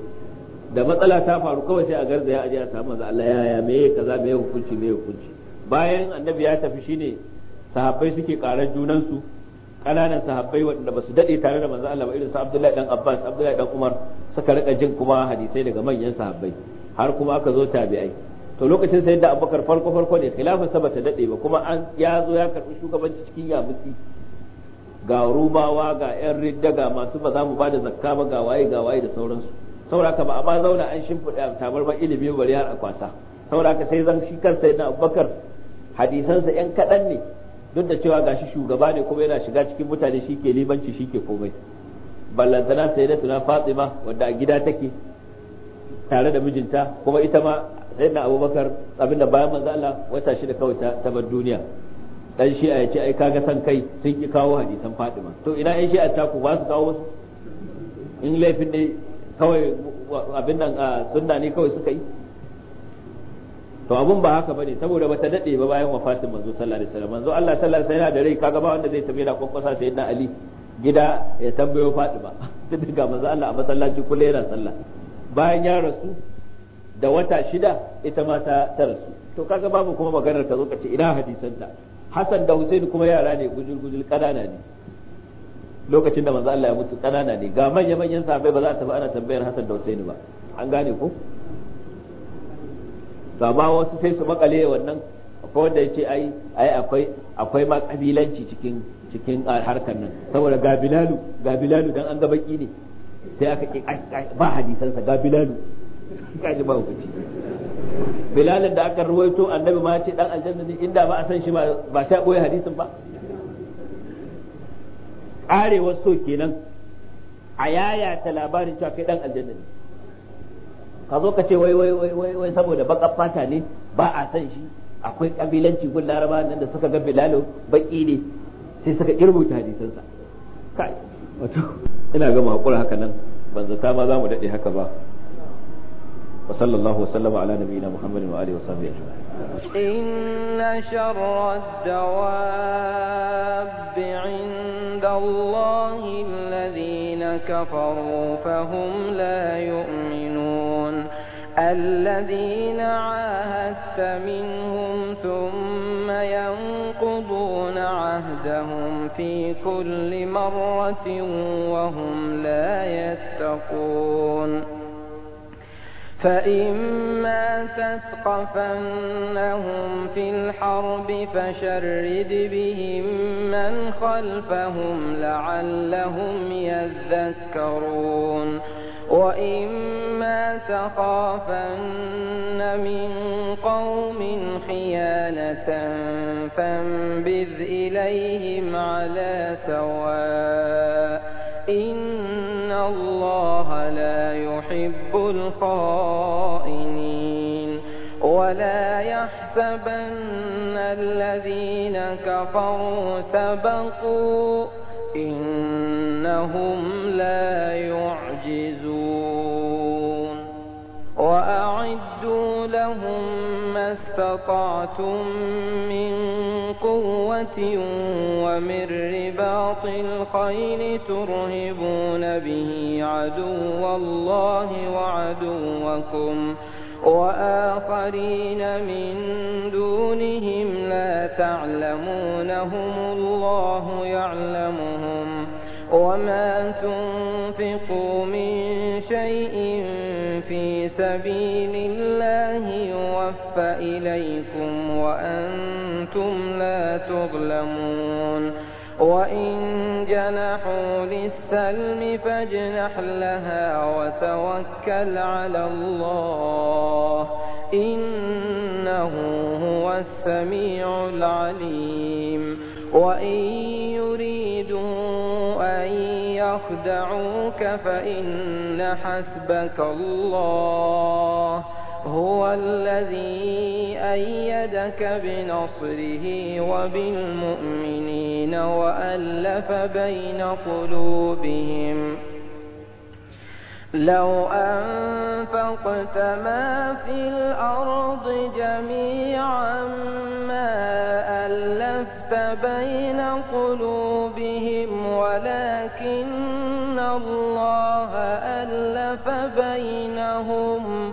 da matsala ta faru kawai sai a garzaya a je a samu manzo Allah ya ya me kaza me hukunci me hukunci bayan annabi ya tafi shine sahabbai suke karar junan su kananan sahabbai waɗanda ba su daɗe tare da manzo Allah ba irin su Abdullahi dan Abbas Abdullahi dan Umar suka rika jin kuma hadisai daga manyan sahabbai har kuma aka zo tabi'ai to lokacin sai da abubakar farko farko ne khilafin sa bata dade ba kuma an ya zo ya karbi shugabanci cikin yabutsi ga rubawa ga yan ridda ga masu ba za mu bada zakka ba ga waye ga waye da sauransu sauraka ba amma zauna an shimfiɗa tabar ba ilimi bari har akwasa sauraka sai zan shi kansa yana abubakar hadisansa yan kaɗan ne duk da cewa gashi shugaba ne kuma yana shiga cikin mutane shi ke libanci shi ke komai ballantana sai da tuna fatima wanda a gida take tare da mijinta kuma ita ma sayyidina abubakar abinda bayan manzo Allah wata shida kawai ta bar duniya dan shi ya ce ai kaga san kai sun ki kawo hadisan Fatima to ina ai shi a taku ba su kawo in laifin ne kawai abin nan a sunna ne kawai suka yi to abun ba haka bane saboda bata dade ba bayan wafatin manzo sallallahu alaihi wasallam manzo Allah sallallahu alaihi wasallam yana da rai kaga ba wanda zai tafi da kwakwasa sayyidina Ali gida ya tambayo Fatima tun (laughs) daga manzo Allah a masallaci kullu yana sallah bayan ya rasu da wata shida ita ma ta rasu to kaga babu kuma maganar ka zo ka ce ina hadisanta Hassan da Hussein kuma yara ne gujul gujul kanana ne lokacin da manzo Allah ya mutu kanana ne ga manyan manyan sahabbai ba za a tafi ana tambayar Hassan da Hussein ba an gane ko to amma wasu sai su makale wannan akwai wanda yace ai ai akwai akwai ma kabilanci cikin cikin harkar nan saboda ga Bilalu ga Bilalu dan an ga baki ne sai aka ba hadisansa ga bilalu kaji ba hukunci bilalin da aka ruwaito annabi ma ce dan aljanna ne inda ba a san shi ba sai boye hadisin ba karewar so kenan a yaya ta labarin cewa kai dan aljanna ne ka zo ka ce wai wai wai wai saboda baka fata ne ba a san shi akwai kabilanci gun laraba nan da suka ga bilalu baki ne sai suka kirbuta hadisansa kai wato ina gama hakura haka nan ban zata ma za mu daɗe haka ba wa sallallahu wa sallama ala nabiyina muhammadin wa alihi wa sahbihi ajma'in inna sharra dawab 'inda allahi alladhina kafaru fa hum la yu'minun alladhina 'ahadta minhum thumma عهدهم في كل مرة وهم لا يتقون فإما تثقفنهم في الحرب فشرد بهم من خلفهم لعلهم يذكرون وإما تخافن من قوم خيانة فانبذ إليهم على سواء إن الله لا يحب الخائنين ولا يحسبن الذين كفروا سبقوا إنهم لا يعجزون وأعدوا لهم ما استطعتم من قوة ومن رباط الخيل ترهبون به عدو الله وعدوكم وآخرين من دونهم لا تعلمونهم الله يعلمهم وما تنفقوا من شيء في سبيل الله يتوفى إليكم وأنتم لا تظلمون وإن جنحوا للسلم فاجنح لها وتوكل على الله إنه هو السميع العليم وإن يريدوا أن يخدعوك فإن حسبك الله هو الذي أيدك بنصره وبالمؤمنين وألف بين قلوبهم لو أنفقت ما في الأرض جميعا ما ألفت بين قلوبهم ولكن الله ألف بينهم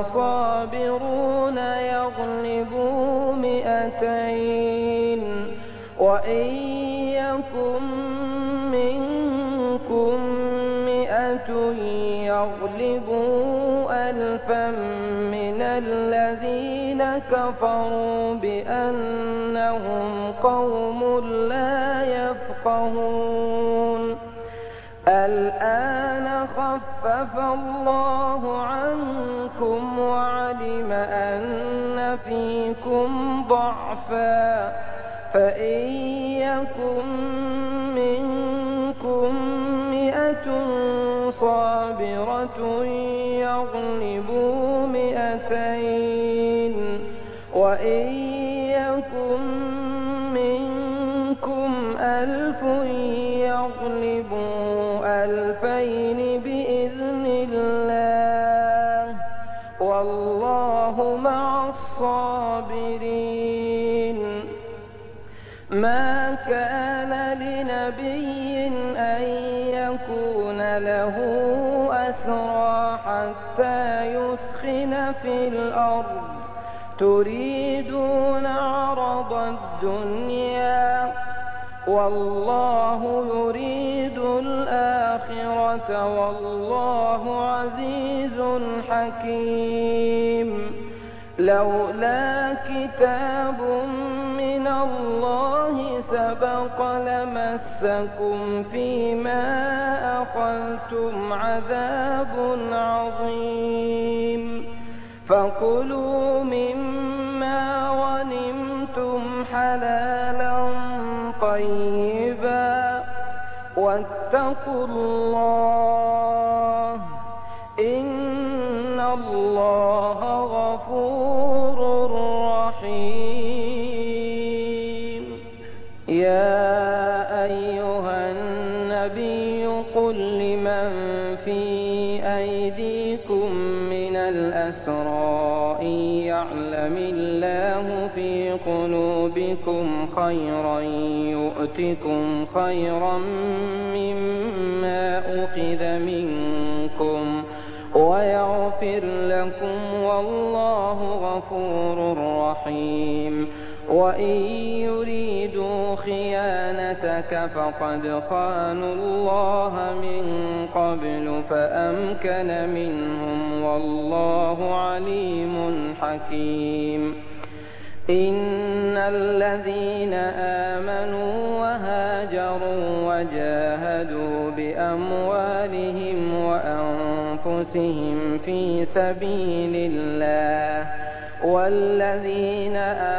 الصابرون يغلبوا مئتين وإن يكن منكم مئة يغلبوا ألفا من الذين كفروا بأنهم قوم لا يفقهون خفف الله عنكم وعلم أن فيكم ضعفا فإن يكن منكم مئة صابرة يغلبوا مئتين وإن يكن منكم ألف يغلبوا ألفين بمئتين وَلَا فِي الْأَرْضِ تُرِيدُونَ عَرَضَ الدُّنْيَا وَاللَّهُ يُرِيدُ الْآخِرَةَ وَاللَّهُ عَزِيزٌ حَكِيمٌ لَوْلَا كِتَابٌ مِّنَ اللَّهِ سبق لمسكم فيما أخذتم عذاب عظيم فكلوا مما غنمتم حلالا طيبا واتقوا الله قلوبكم خيرا يؤتكم خيرا مما أخذ منكم ويغفر لكم والله غفور رحيم وإن يريدوا خيانتك فقد خانوا الله من قبل فأمكن منهم والله عليم حكيم إن الذين آمنوا وهاجروا وجاهدوا بأموالهم وأنفسهم في سبيل الله والذين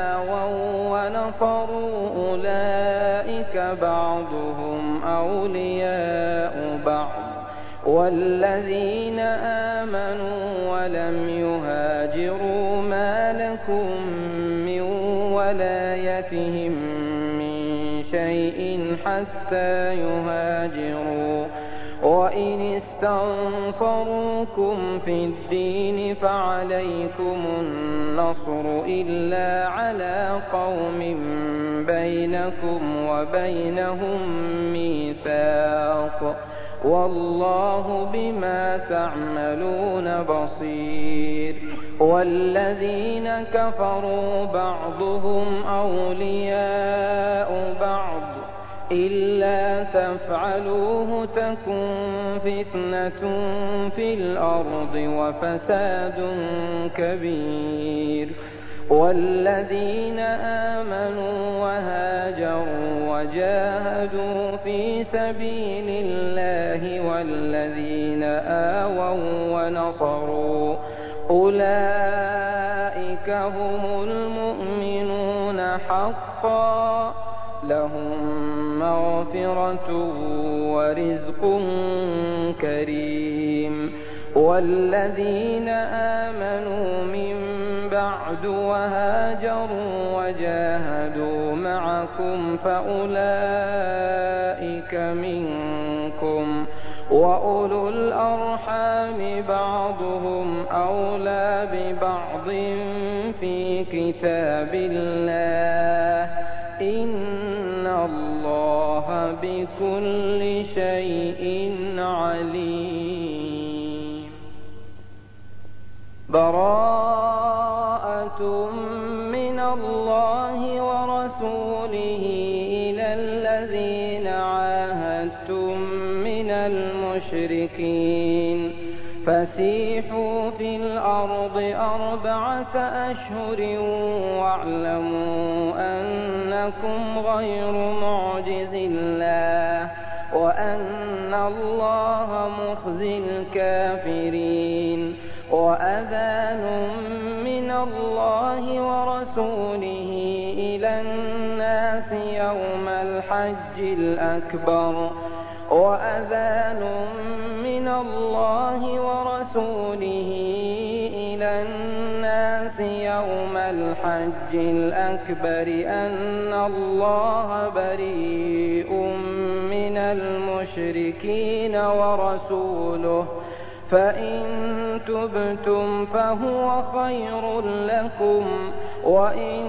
آووا ونصروا أولئك بعضهم أولياء بعض والذين آمنوا ولم يهاجروا حتى يهاجروا وإن استنصروكم في الدين فعليكم النصر إلا على قوم بينكم وبينهم ميثاق والله بما تعملون بصير والذين كفروا بعضهم أولياء بعض إلا تفعلوه تكن فتنة في الأرض وفساد كبير والذين آمنوا وهاجروا وجاهدوا في سبيل الله والذين آووا ونصروا أولئك هم المؤمنون حقاً لهم مغفرة ورزق كريم والذين آمنوا من بعد وهاجروا وجاهدوا معكم فأولئك منكم وأولو الأرحام بعضهم أولى ببعض في كتاب الله بكل شيء عليم براءة من الله ورسوله إلى الذين عاهدتم من المشركين فسيحوا في الأرض أربعة أشهر واعلموا أنكم غير معجز الله وأن الله مخزي الكافرين وأذان من الله ورسوله إلى الناس يوم الحج الأكبر وأذان من الله ورسوله إلى الناس يوم الحج الأكبر أن الله بريء من المشركين ورسوله فإن تبتم فهو خير لكم وإن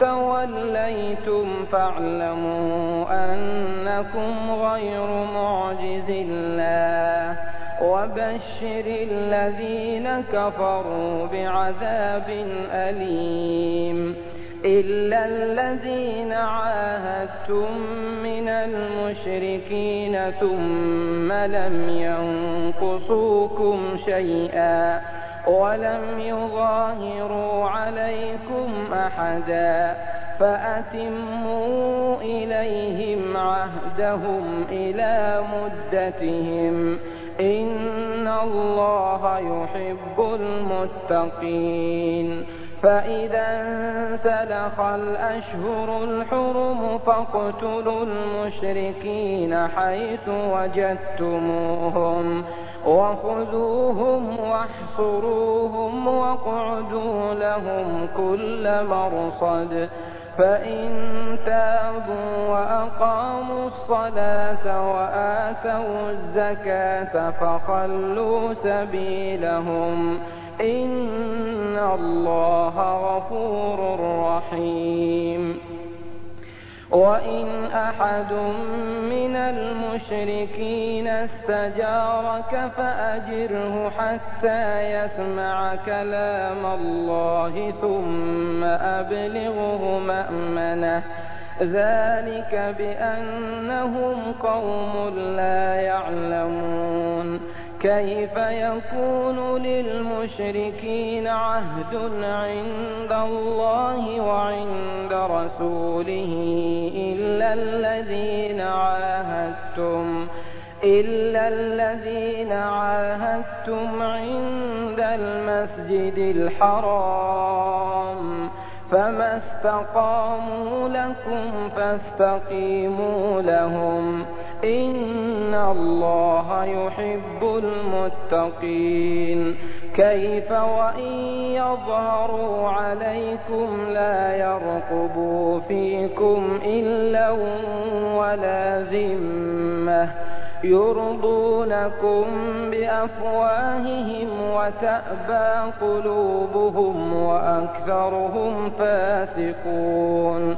توليتم فاعلموا أنكم غير معجز الله وبشر الذين كفروا بعذاب أليم إلا الذين عاهدتم من المشركين ثم لم ينقصوكم شيئا ولم يظاهروا عليكم أحدا فأتموا إليهم عهدهم إلى مدتهم إن الله يحب المتقين فإذا انسلخ الأشهر الحرم فاقتلوا المشركين حيث وجدتموهم وخذوهم واحصروهم واقعدوا لهم كل مرصد فإن تابوا وأقاموا الصلاة وآتوا الزكاة فخلوا سبيلهم إن إِنَّ اللَّهَ غَفُورٌ رَّحِيمٌ وَإِنْ أَحَدٌ مِّنَ الْمُشْرِكِينَ اسْتَجَارَكَ فَأَجِرْهُ حَتَّىٰ يَسْمَعَ كَلَامَ اللَّهِ ثُمَّ أَبْلِغْهُ مَأْمَنَهُ ذَلِكَ بِأَنَّهُمْ قَوْمٌ لَّا يَعْلَمُونَ كيف يكون للمشركين عهد عند الله وعند رسوله إلا الذين عاهدتم إلا الذين عاهدتم عند المسجد الحرام فما استقاموا لكم فاستقيموا لهم إن الله يحب المتقين كيف وإن يظهروا عليكم لا يرقبوا فيكم إلا ولا ذمة يرضونكم بأفواههم وتأبى قلوبهم وأكثرهم فاسقون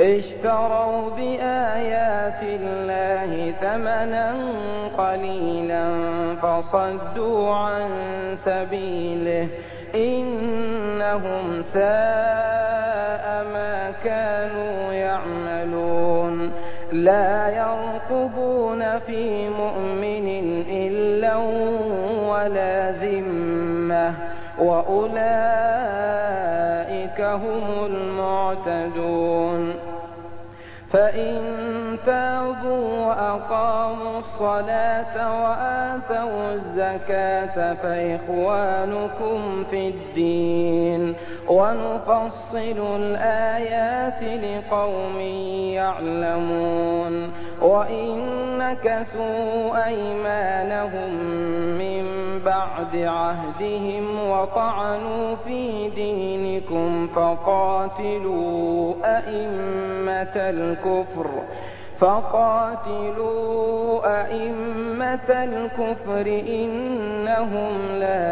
اشتروا بآيات الله ثمنا قليلا فصدوا عن سبيله إنهم ساء ما كانوا يعملون لا يرقبون في مؤمن إلا ولا ذمة وأولئك هم المعتدون فإن تابوا وأقاموا الصلاة وآتوا الزكاة فإخوانكم في الدين ونفصل الآيات لقوم يعلمون وإن نكثوا أيمانهم من بعد عهدهم وطعنوا في دينكم فقاتلوا أئمة الكفر فقاتلوا أئمة الكفر إنهم لا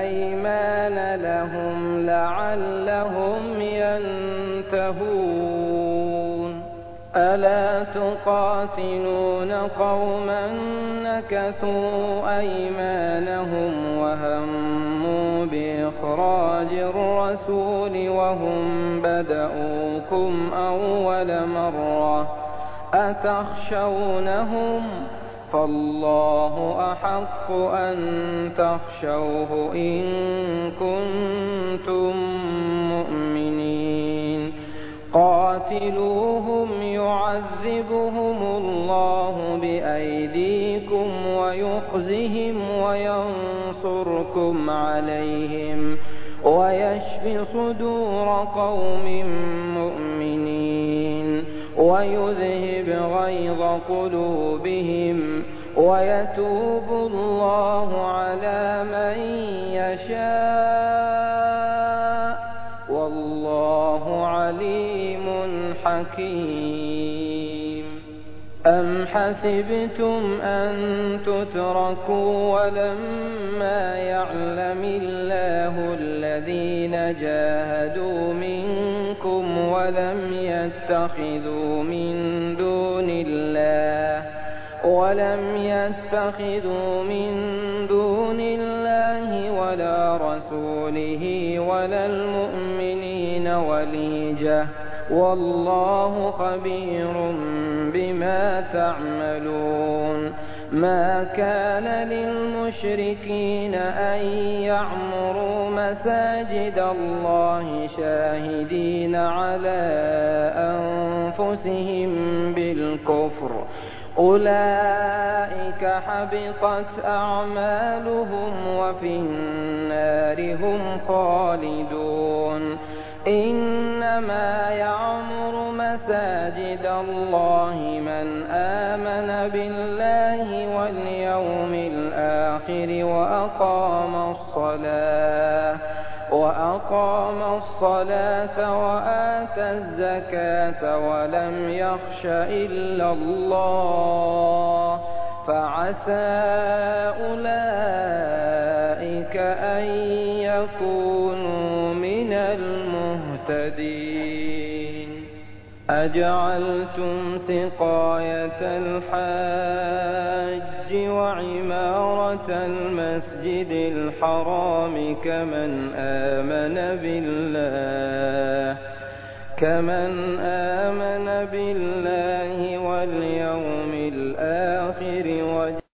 أيمان لهم لعلهم ينتهون ألا تقاتلون قوما نكثوا أيمانهم وهموا بإخراج الرسول وهم بدأوكم أول مرة أتخشونهم فالله أحق أن تخشوه إن كنتم قاتلوهم يعذبهم الله بأيديكم ويخزهم وينصركم عليهم ويشف صدور قوم مؤمنين ويذهب غيظ قلوبهم ويتوب الله على من يشاء حكيم أم حسبتم أن تتركوا ولما يعلم الله الذين جاهدوا منكم ولم يتخذوا من دون الله ولم يتخذوا من دون الله ولا رسوله ولا المؤمنين وليجه والله خبير بما تعملون ما كان للمشركين أن يعمروا مساجد الله شاهدين على أنفسهم بالكفر أولئك حبطت أعمالهم وفي النار هم خالدون إنما يعمر مساجد الله من آمن بالله واليوم الآخر وأقام الصلاة وأقام الصلاة وآتى الزكاة ولم يخش إلا الله فعسى أولئك أن يكونوا أجعلتم سقاية الحاج وعمارة المسجد الحرام كمن آمن بالله كمن آمن بالله